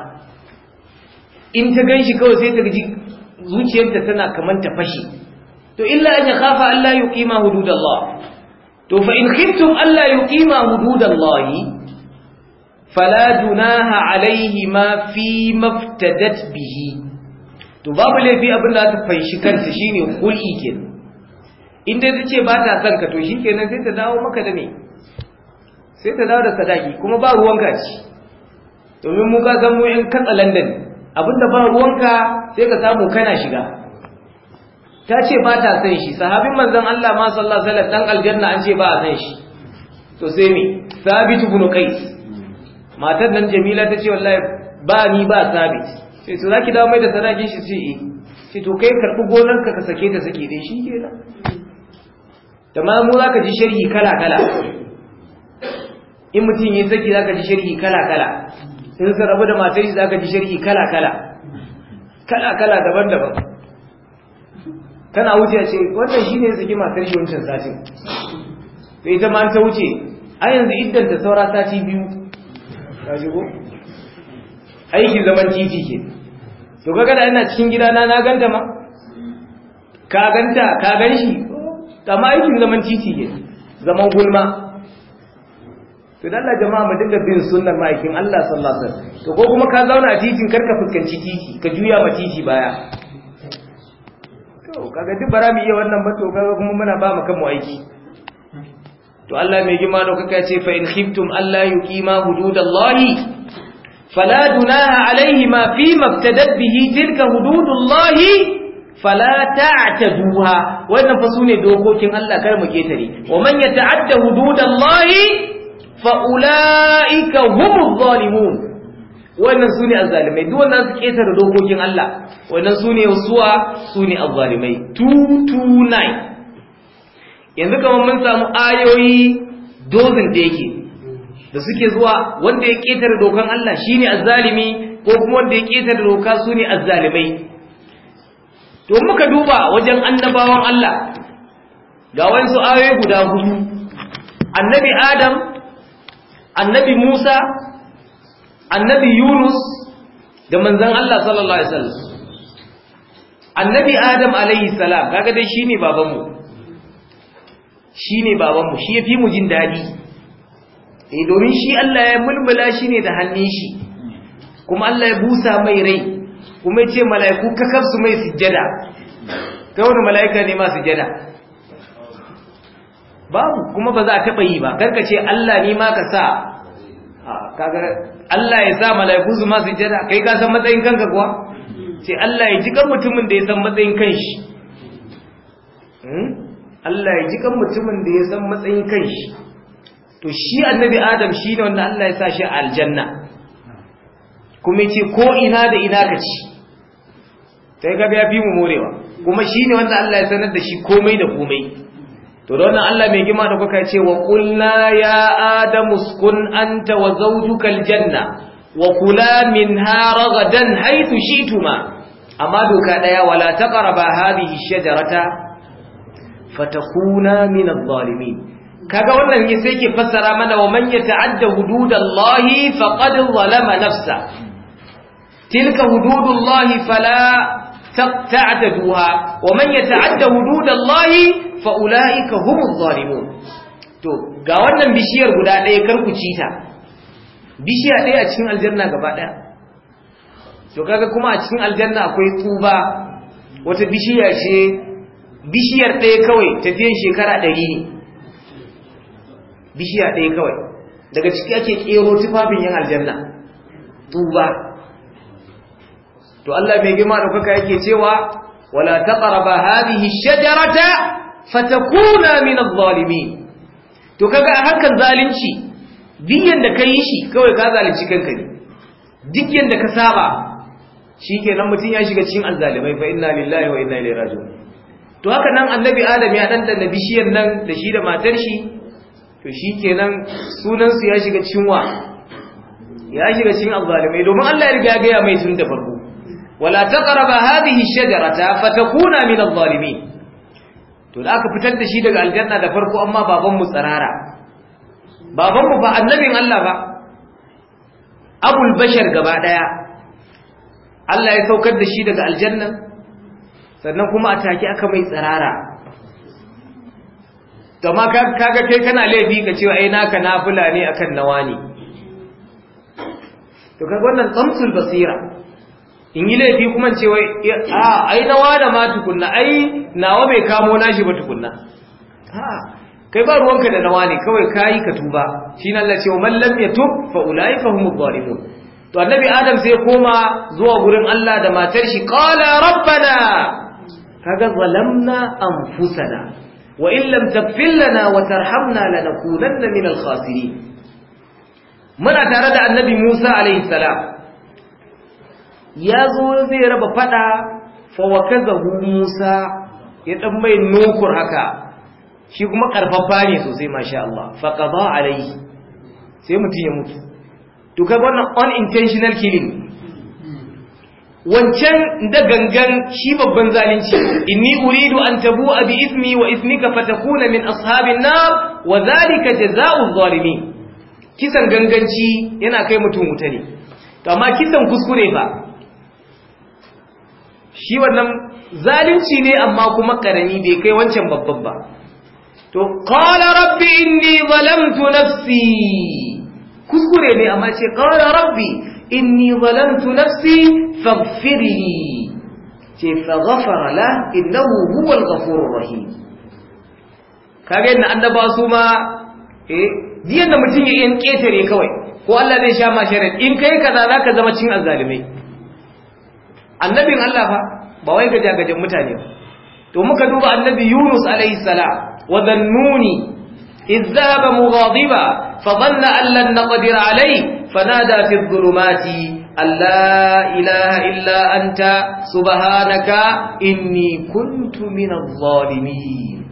in ta gan shi kawai sai ta gaji zuciyarta tana kamar ta fashe to illa ya yakhafa an la yuqima hududallah to fa in khiftum an la yuqima hududallah fala junaha alayhi ma fi maftadat bihi to babu laifi abin da ta fanshi shi shine hul'i kenan in dai tace ba ta son ka to shikenan sai ta dawo maka da me sai ta dawo da sadaki kuma ba ruwanka ci domin mu ka san mu in katsa London abinda ba ruwanka sai ka samu kana shiga ta ce ba ta san shi sahabin manzon Allah ma sallallahu alaihi wasallam dan aljanna an ce ba a san shi to sai me sabit ibn qais matar nan jamila ta ce wallahi ba ni ba sabit sai to zaki dawo mai da sanakin shi sai eh sai to kai karbi gonar ka ka sake ta sake dai shi nan. da ma mu zaka ji sharhi kala kala in mutum yi saki zaka ji sharhi kala kala in sa da matar shi zaka ji sharhi kala kala kala kala daban-daban tana wuce ce wannan shine ya saki matar shi wancan satin sai ita ma ta wuce a yanzu iddan ta saura sati biyu ta shigo aiki zaman titi ke to ga gada ina cikin gida na ganta ma ka ganta ka gan shi amma aikin zaman titi ke zaman gulma to dan Allah jama'a mu dinga bin sunnar ma'aikin Allah sallallahu alaihi wasallam to ko kuma ka zauna a titin karka fuskanci titi ka juya ma titi baya to kaga duk bara mu iya wannan ba to kaga kuma muna ba mu kanmu aiki to Allah mai girma da kuka ce fa in khiftum alla yuqima hududallahi fala dunaha ma fi mabtadat bihi tilka hududullahi fala ta'taduha wannan fa sune dokokin Allah kar mu ketare wa man yata'adda hududallahi fa ulaika humuz zalimun wannan su ne azzalimai duk wannan su ƙetare dokokin Allah wannan su ne suwa su ne azzalimai 229 yanzu kamar mun samu ayoyi dozin da yake da suke zuwa wanda ya ƙetare dokan Allah shine azzalimi ko kuma wanda ya ƙetare doka su ne azzalimai to muka duba wajen annabawan Allah ga wasu ayoyi guda hudu annabi Adam annabi Musa annabi yunus da manzan Allah sallallahu alaihi wasallam annabi adam alaihi salam kaga dai shine babanmu shine babanmu shi yafi mu jin dadi eh domin shi Allah ya mulmula shi ne da hannun shi kuma Allah ya busa mai rai kuma ce mala'iku kakaf su mai sujjada kai wani mala'ika ne ma sujada? babu kuma ba za a taɓa yi ba karkace ce Allah ni ma ka sa ah, kaga Allah ya sa mala'iku su masu jada kai ka san matsayin kanka kuwa sai Allah ya ji kan mutumin da ya san matsayin kanshi hmm? Allah ya ji kan mutumin da ya san matsayin kanshi to shi annabi Adam shi ne wanda Allah ya sa shi a aljanna kuma ce ko ina da ina ka ci sai ga ya fi mu morewa kuma shi ne wanda Allah ya sanar da shi komai da komai to don Allah mai gima da kuka ce wa qulna ya adamu uskun anta wa zawjuka aljanna wa kula minha ragadan haythu shi'tuma amma doka daya wala taqraba hadhihi shajarata fatakuna min adh-dhalimin kaga wannan ne sai ke fassara mana wa man yata'adda hududallahi faqad zalama nafsa tilka hududullahi fala duha wa man yata'adda hududallahi fa ulaika humuz zalimun to ga wannan bishiyar guda ɗaya kar ku ci ta bishiya ɗaya a cikin aljanna gaba ɗaya to kaga kuma a cikin aljanna akwai tuba wata bishiya ce bishiyar ɗaya kawai tafiyan shekara ɗari ne bishiya ɗaya kawai daga ciki ake ƙero tufafin yan aljanna tuba to Allah mai girma ɗaukaka yake cewa wala taqraba hadhihi shajarata fatakuna min adh-dhalimin to kaga a hakan zalunci biyan da ka yi shi kawai ka zalunci kanka ne duk yanda ka saba shikenan mutum ya shiga cikin azzalimai fa inna lillahi wa inna ilaihi raji'un to haka nan annabi adam ya dan dan bishiyar nan da shi da matar shi to shikenan sunan su ya shiga cikin wa ya shiga cikin azzalimai domin Allah ya riga ya ga mai tun da farko wala taqrabu hadhihi shajarata fatakuna min adh-dhalimin to da aka fitar da shi daga aljanna da farko amma babanmu tsarara babanmu ba annabin Allah ba abul bashar gaba daya Allah ya saukar da shi daga aljanna sannan kuma a take aka mai tsarara ma kaga kai kana laifi ka cewa ai naka nafula ne akan nawani to kaga wannan tsamsul basira in yi laifi kuma ce wai a ai na wada ma tukunna ai nawa mai kamo nashi ba tukunna kai ba ruwanka da nawa ne kawai kayi ka tuba shi nan Allah ce wa man ya yatub fa ulaika humud zalimun to annabi adam sai koma zuwa gurin Allah da matar shi qala rabbana kaga zalamna anfusana wa in lam taghfir lana wa tarhamna lanakunanna minal khasirin muna tare da annabi Musa alaihi salam ya zo zai raba fada fawaka kaza musa ya dan mai nukur haka shi kuma karfafa ne sosai masha Allah faqada alaihi sai mutum ya mutu to kai wannan unintentional killing wancan da gangan shi babban zalunci inni uridu an tabu'a bi ismi wa ismika fatakuna min ashabin nar wa zalika jazaa'u zalimi kisan ganganci yana kai mutum wuta ne to amma kisan kuskure ba. shi wannan zalunci ne amma kuma karami bai kai wancan babban ba to qala rabbi inni zalamtu nafsi kuskure ne amma ce qala rabbi inni zalamtu nafsi faghfirli ce faghfara la innahu huwal ghafurur rahim kage inda annaba su ma eh diyan da mutun ya yin ketare kawai ko Allah zai sha ma in kai kaza zaka zama cin azzalimai annabin Allah fa ba wai gaja mutane ba to muka duba annabi Yunus alaihi salam wa dhannuni idh dhahaba mughadiba fa dhanna an lan naqdir alayhi fanada fi dhulumati alla ilaha illa anta subhanaka inni kuntu minadh zalimin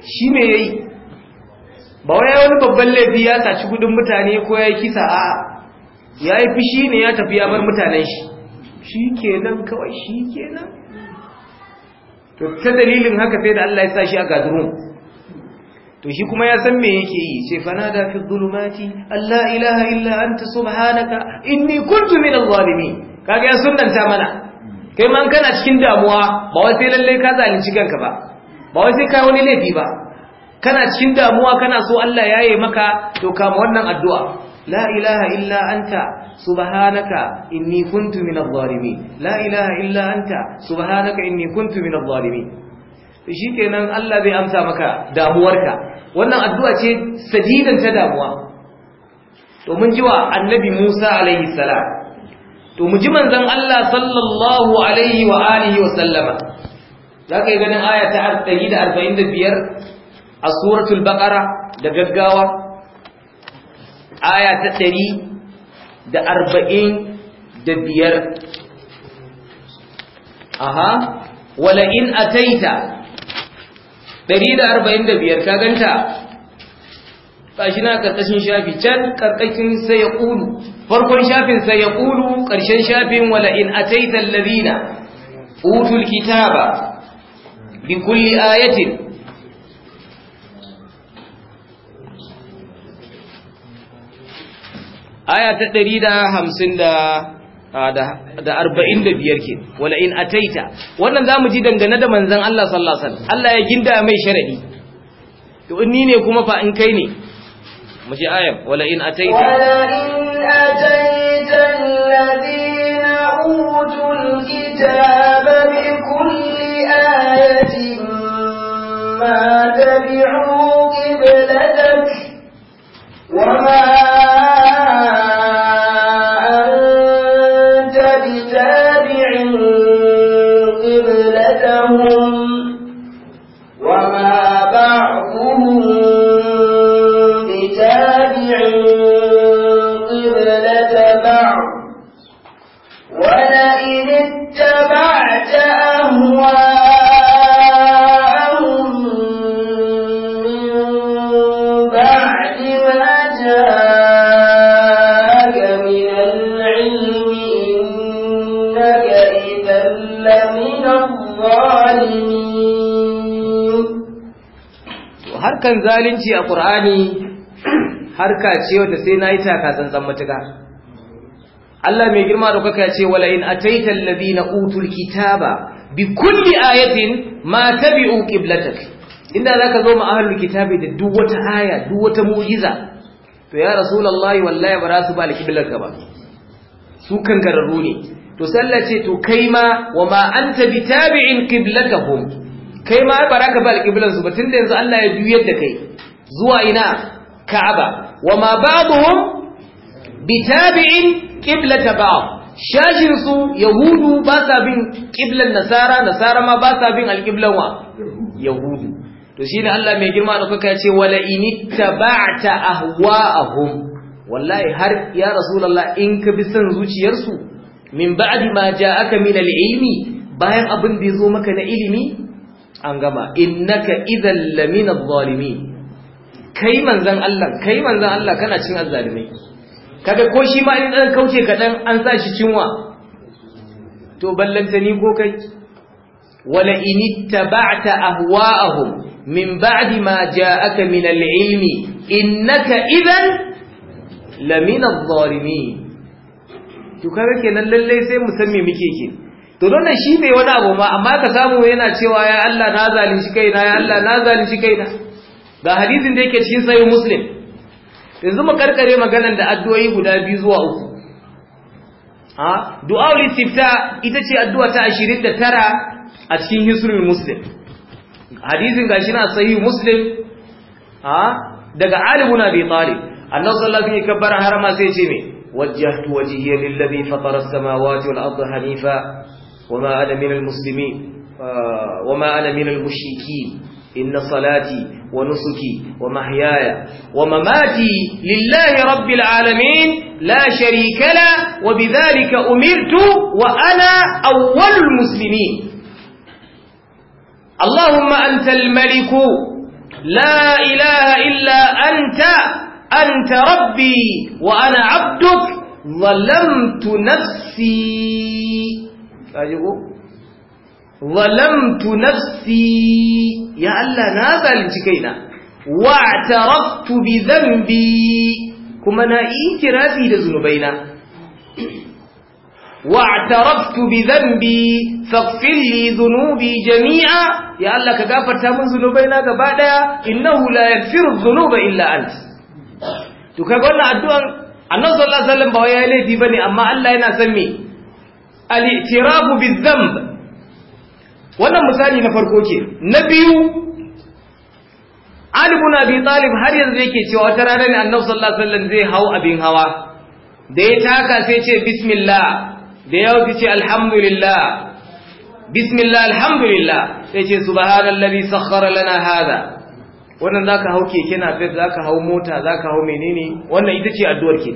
shi me yayi ba wai wani babban laifi ya saci gudun mutane ko ya kisa a yayi fishi ne ya tafi ya bar mutanen shi shi kenan kawai shi kenan to ta dalilin haka sai da Allah ya sa shi a gadurun to shi kuma ya san me yake yi sai fanada fi zulumati alla ilaha illa anta subhanaka inni kuntu min al-zalimin kage ya sunnanta mana kai man kana cikin damuwa ba wai sai lalle ka zalunci kanka ba ba wai sai ka wani laifi ba kana cikin damuwa kana so Allah yaye maka to kama wannan addu'a la ilaha illa anta subhanaka inni kuntu min adh-dhalimin la ilaha illa anta subhanaka inni kuntu min adh-dhalimin shikenan Allah bai amsa maka damuwarka wannan addu'a ce sajidan ta damuwa to mun ji wa annabi Musa alaihi salam to mu ji manzon Allah sallallahu alaihi wa alihi wa sallama zaka yi ganin aya ta 145 a suratul baqara da gaggawa aya ta 100 da arba'in da biyar aha wala wala'in ataita ɗari da arba'in da biyar ka ganta ƙashi na ƙarƙashin shafi can ƙarƙashin sai ya ƙulu farkon shafin sai ya ƙulu ƙarshen shafin wala wala'in ataita lalina utul kitaba bi kulli ayatin aya ta ɗari da hamsin da arba'in da biyar ke wala in ataita wannan za mu ji dangane da manzan Allah sallasan Allah ya ginda mai sharaɗi to ni ne kuma fa in kai ne mu ji ayam wala in ataita wala in ataita alladhina utul kitaba bi kulli ayatin ma tabi'u qiblatak wa ma akan zalunci a ƙur'ani harka ce wadda sai na yi taka zanzan matuka Allah mai girma da kuka ce wala in ataita na utul kitaba bi kulli ayatin ma tabi'u qiblatak inda zaka zo ma ahlul kitabi da duk wata aya duk wata mu'jiza to ya rasulullahi wallahi ba za su ba alqiblar ka ba su kan gararru ne to sallace to kai ma wa ma anta bitabi'in qiblatahum kai ma ya baraka ba alƙiblan su batun da yanzu Allah ya juyar da kai zuwa ina Ka'aba wa ma ba'dhum tabi'in qiblata ba'd shashin su yahudu ba sa bin qiblan nasara nasara ma ba sa bin alƙiblan wa yahudu to shine Allah mai girma da kuka ce wala inittaba'ta ahwa'ahum wallahi har ya rasulullah in ka bi san zuciyarsu min ba'di ma ja'aka min al-ilmi bayan abin da zo maka na ilimi an gama innaka idan lamina zalimi kai manzan Allah kai manzan Allah kana cin azalimai. kaga ko shi ma in dan kauce kaɗan an sa shi cinwa to ballanta ni ko kai wala in ahwa'ahum min ba'di ma ja'aka min al-ilmi innaka idan lamina zalimin to kaga kenan lallai sai mu san me muke to don nan shi bai wani abu ma amma ka samu yana cewa ya Allah na zalunci kaina ya Allah na zalunci kaina ga hadisin da yake cikin sahih muslim yanzu mu karkare maganar da addu'o'i guda biyu zuwa uku ha du'aul istifta ita ce addu'a ta 29 a cikin hisrul muslim hadisin gashi na sahih muslim ha daga Ali ibn Abi Talib annabi sallallahu alaihi wasallam kabbara harama sai ce me wajjahtu wajhiya lillazi fatara as-samawati wal ardha hanifa وما أنا من المسلمين آه، وما أنا من المشركين إن صلاتي ونسكي ومحياي ومماتي لله رب العالمين لا شريك له وبذلك أمرت وأنا أول المسلمين اللهم أنت الملك لا إله إلا أنت أنت ربي وأنا عبدك ظلمت نفسي sajiho walamtu nafsi ya Allah na zalci kaina wa taraftu bi dhanbi kuma na ikirafi da zunubaina wa taraftu bi dhanbi faghfir li dhunubi jami'a ya Allah ka gafarta min zunubaina gaba daya innahu la yaghfiru dhunuba illa ant to kaga wannan addu'an annabi sallallahu alaihi wasallam ba wai ya yi laifi bane amma Allah yana san me al-i'tirafu wannan misali na farko ke na biyu Ali ibn Talib har yanzu yake cewa wata rana ne Annabi sallallahu alaihi wasallam zai hau abin hawa da ya taka sai ce bismillah da ya wuce ce alhamdulillah bismillah alhamdulillah sai ce subhanallazi sakhkhara lana hada wannan zaka hau keke na fit zaka hau mota zaka hau menene wannan ita ce addu'ar ke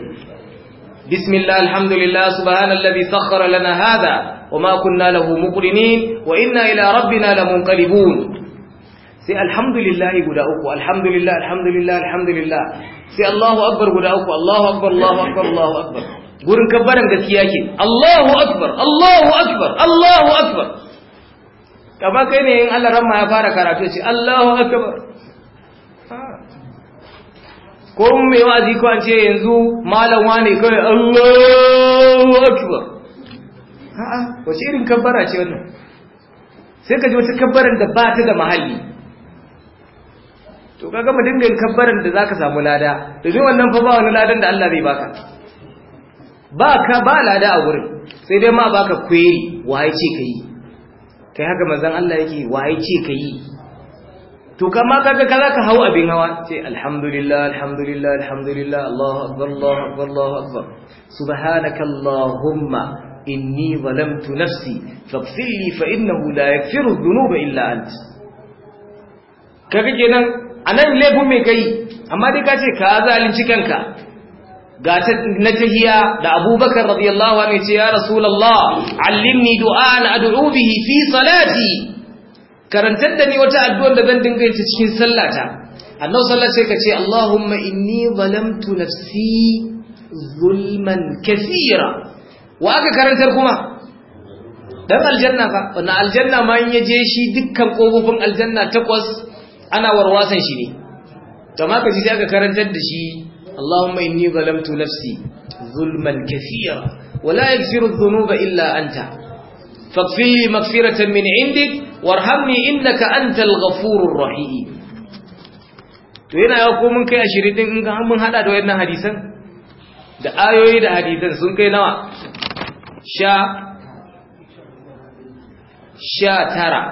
بسم الله الحمد لله سبحان الذي سخر لنا هذا وما كنا له مقرنين وإنا إلى ربنا لمنقلبون sai alhamdulillah guda uku alhamdulillah alhamdulillah alhamdulillah sai Allahu akbar guda uku Allahu akbar Allahu akbar Allahu akbar gurin kabbaran gaskiya ke Allahu akbar Allahu akbar Allahu akbar kaba kai ne in Allah ramma ya fara karatu ce Allahu ko mai wazi ko an ce yanzu malam wane kawai Allahu akbar a'a wace irin kabbara ce wannan sai ka ji wata kabbaran da ba ta da mahalli to kaga mu dinga yin kabbaran da zaka samu lada domin wannan fa ba wani ladan da Allah zai baka ba ka ba lada a gurin sai dai ma baka kweri wai ce kai kai haka manzon Allah yake wai ce kai to kama kaga ka zaka hau abin hawa ce alhamdulillah alhamdulillah alhamdulillah Allahu akbar Allahu akbar Allahu akbar subhanaka allahumma inni zalamtu nafsi faghfir li fa innahu la yaghfiru dhunuba illa ant kaga kenan anan laifin me kai amma dai ka ce ka zalunci kanka ga ta na tahiya da abubakar radiyallahu anhu ce ya rasulullah allimni du'an ad'u bihi fi salati karantar da ni wata addu'an da zan dinga ta cikin sallata annabi sallar sai ka ce Allahumma inni zalamtu nafsi zulman kathira wa aka karantar kuma dan aljanna fa wannan aljanna ma in yaje shi dukkan kofofin aljanna takwas ana warwasan shi ne to ma ka ji sai aka karantar da shi Allahumma inni zalamtu nafsi zulman kathira wa la yaghfiru dhunuba illa anta فاغفر مغفرة من عندك وارحمني إنك أنت الغفور الرحيم to yana ya ko mun kai ashirin din in ga mun hada da wayannan hadisan da ayoyi da hadisan sun kai nawa sha sha tara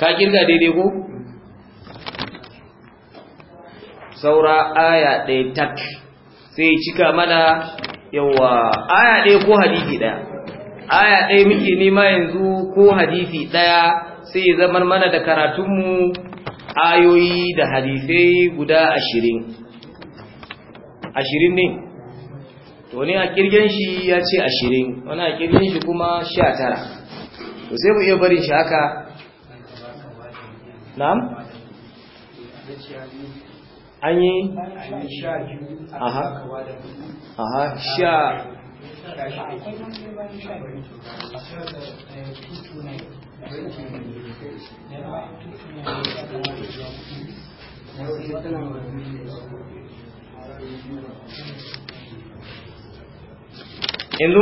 ka kirga daidai ko saura aya ɗaya tak sai cika mana yawa aya ɗaya ko hadisi ɗaya aya ɗaya muke nema yanzu ko hadisi ɗaya sai zaman mana da karatunmu ayoyi da hadisai guda ashirin ashirin ne to ne a kirgen shi ya ce ashirin wani a kirgen shi kuma sha tara to sai mu iya barin shi haka na'am an yi aha sha yanzu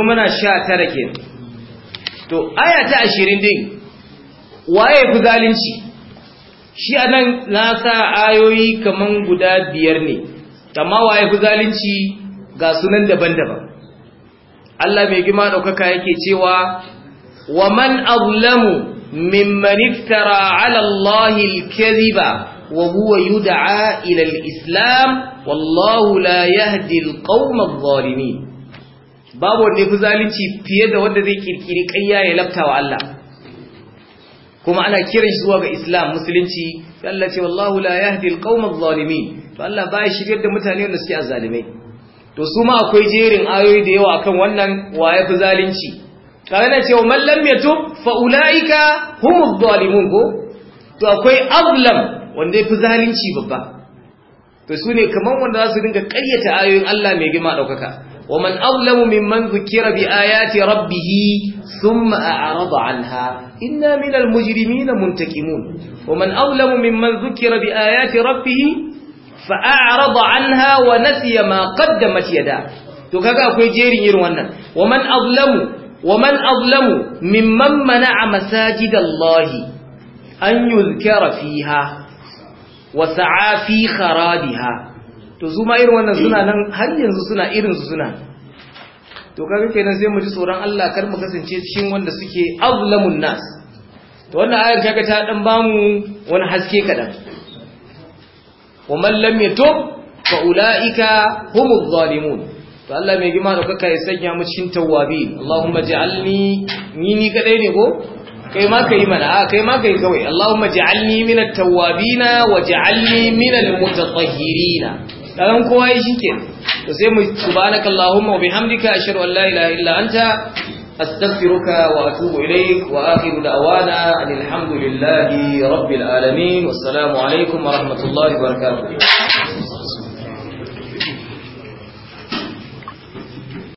muna sha tara ke to aya ta ashirin din waye fi zalunci shi a nan na sa ayoyi kaman guda biyar ne amma waye fi zalunci ga sunan daban-daban Allah mai gima ɗaukaka yake cewa wa man azlamu min iftara ala Allah wa huwa yud'a islam wallahu la yahdi al-qawm babu wanda fi zalunci fiye da wanda zai kirkiri ƙarya ya lafta wa Allah kuma ana kiran shi zuwa ga Islam musulunci sai Allah ce wallahu la yahdi al to Allah baya shiryar da mutane wanda suke azzalimai to su ma akwai jerin ayoyi da yawa akan wannan wa ya fi zalunci tare na cewa man lam yatub fa ulaika humu dhalimun go to akwai azlam wanda ya fi zalunci babba to su ne kaman wanda za su dinga ƙaryata ayoyin Allah mai girma daukaka wa man azlamu mimman zukira bi ayati rabbih thumma a'rada anha inna minal mujrimina muntakimun wa man azlamu mimman zukira bi ayati rabbih fa'arada ha wa nasiya ma mace yada to kaga akwai jerin irin wannan wa man azlamu wa man azlamu mimman da masajidallahi an fi fiha wa sa'a fi ha. to su ma irin wannan suna nan har yanzu suna irin suna to kaga kenan sai mu ji tsoron Allah kar mu kasance cikin wanda suke azlamun nas to wannan ayar kaga ta ɗan bamu wani haske kaɗan wa man lam yatub fa ulaika humuz zalimun to Allah mai gima da kaka ya sanya mu cikin tawabi Allahumma ja'alni ni ni kadai ne ko kai ma kai mana a kai ma kai kawai Allahumma ja'alni minat tawabina wa ja'alni minal mutatahhirina dan kowa yi shike to sai mu subhanakallahumma wa bihamdika ashhadu an la ilaha illa anta أستغفرك وأتوب إليك وآخر دعوانا أن الحمد لله رب العالمين والسلام عليكم ورحمة الله وبركاته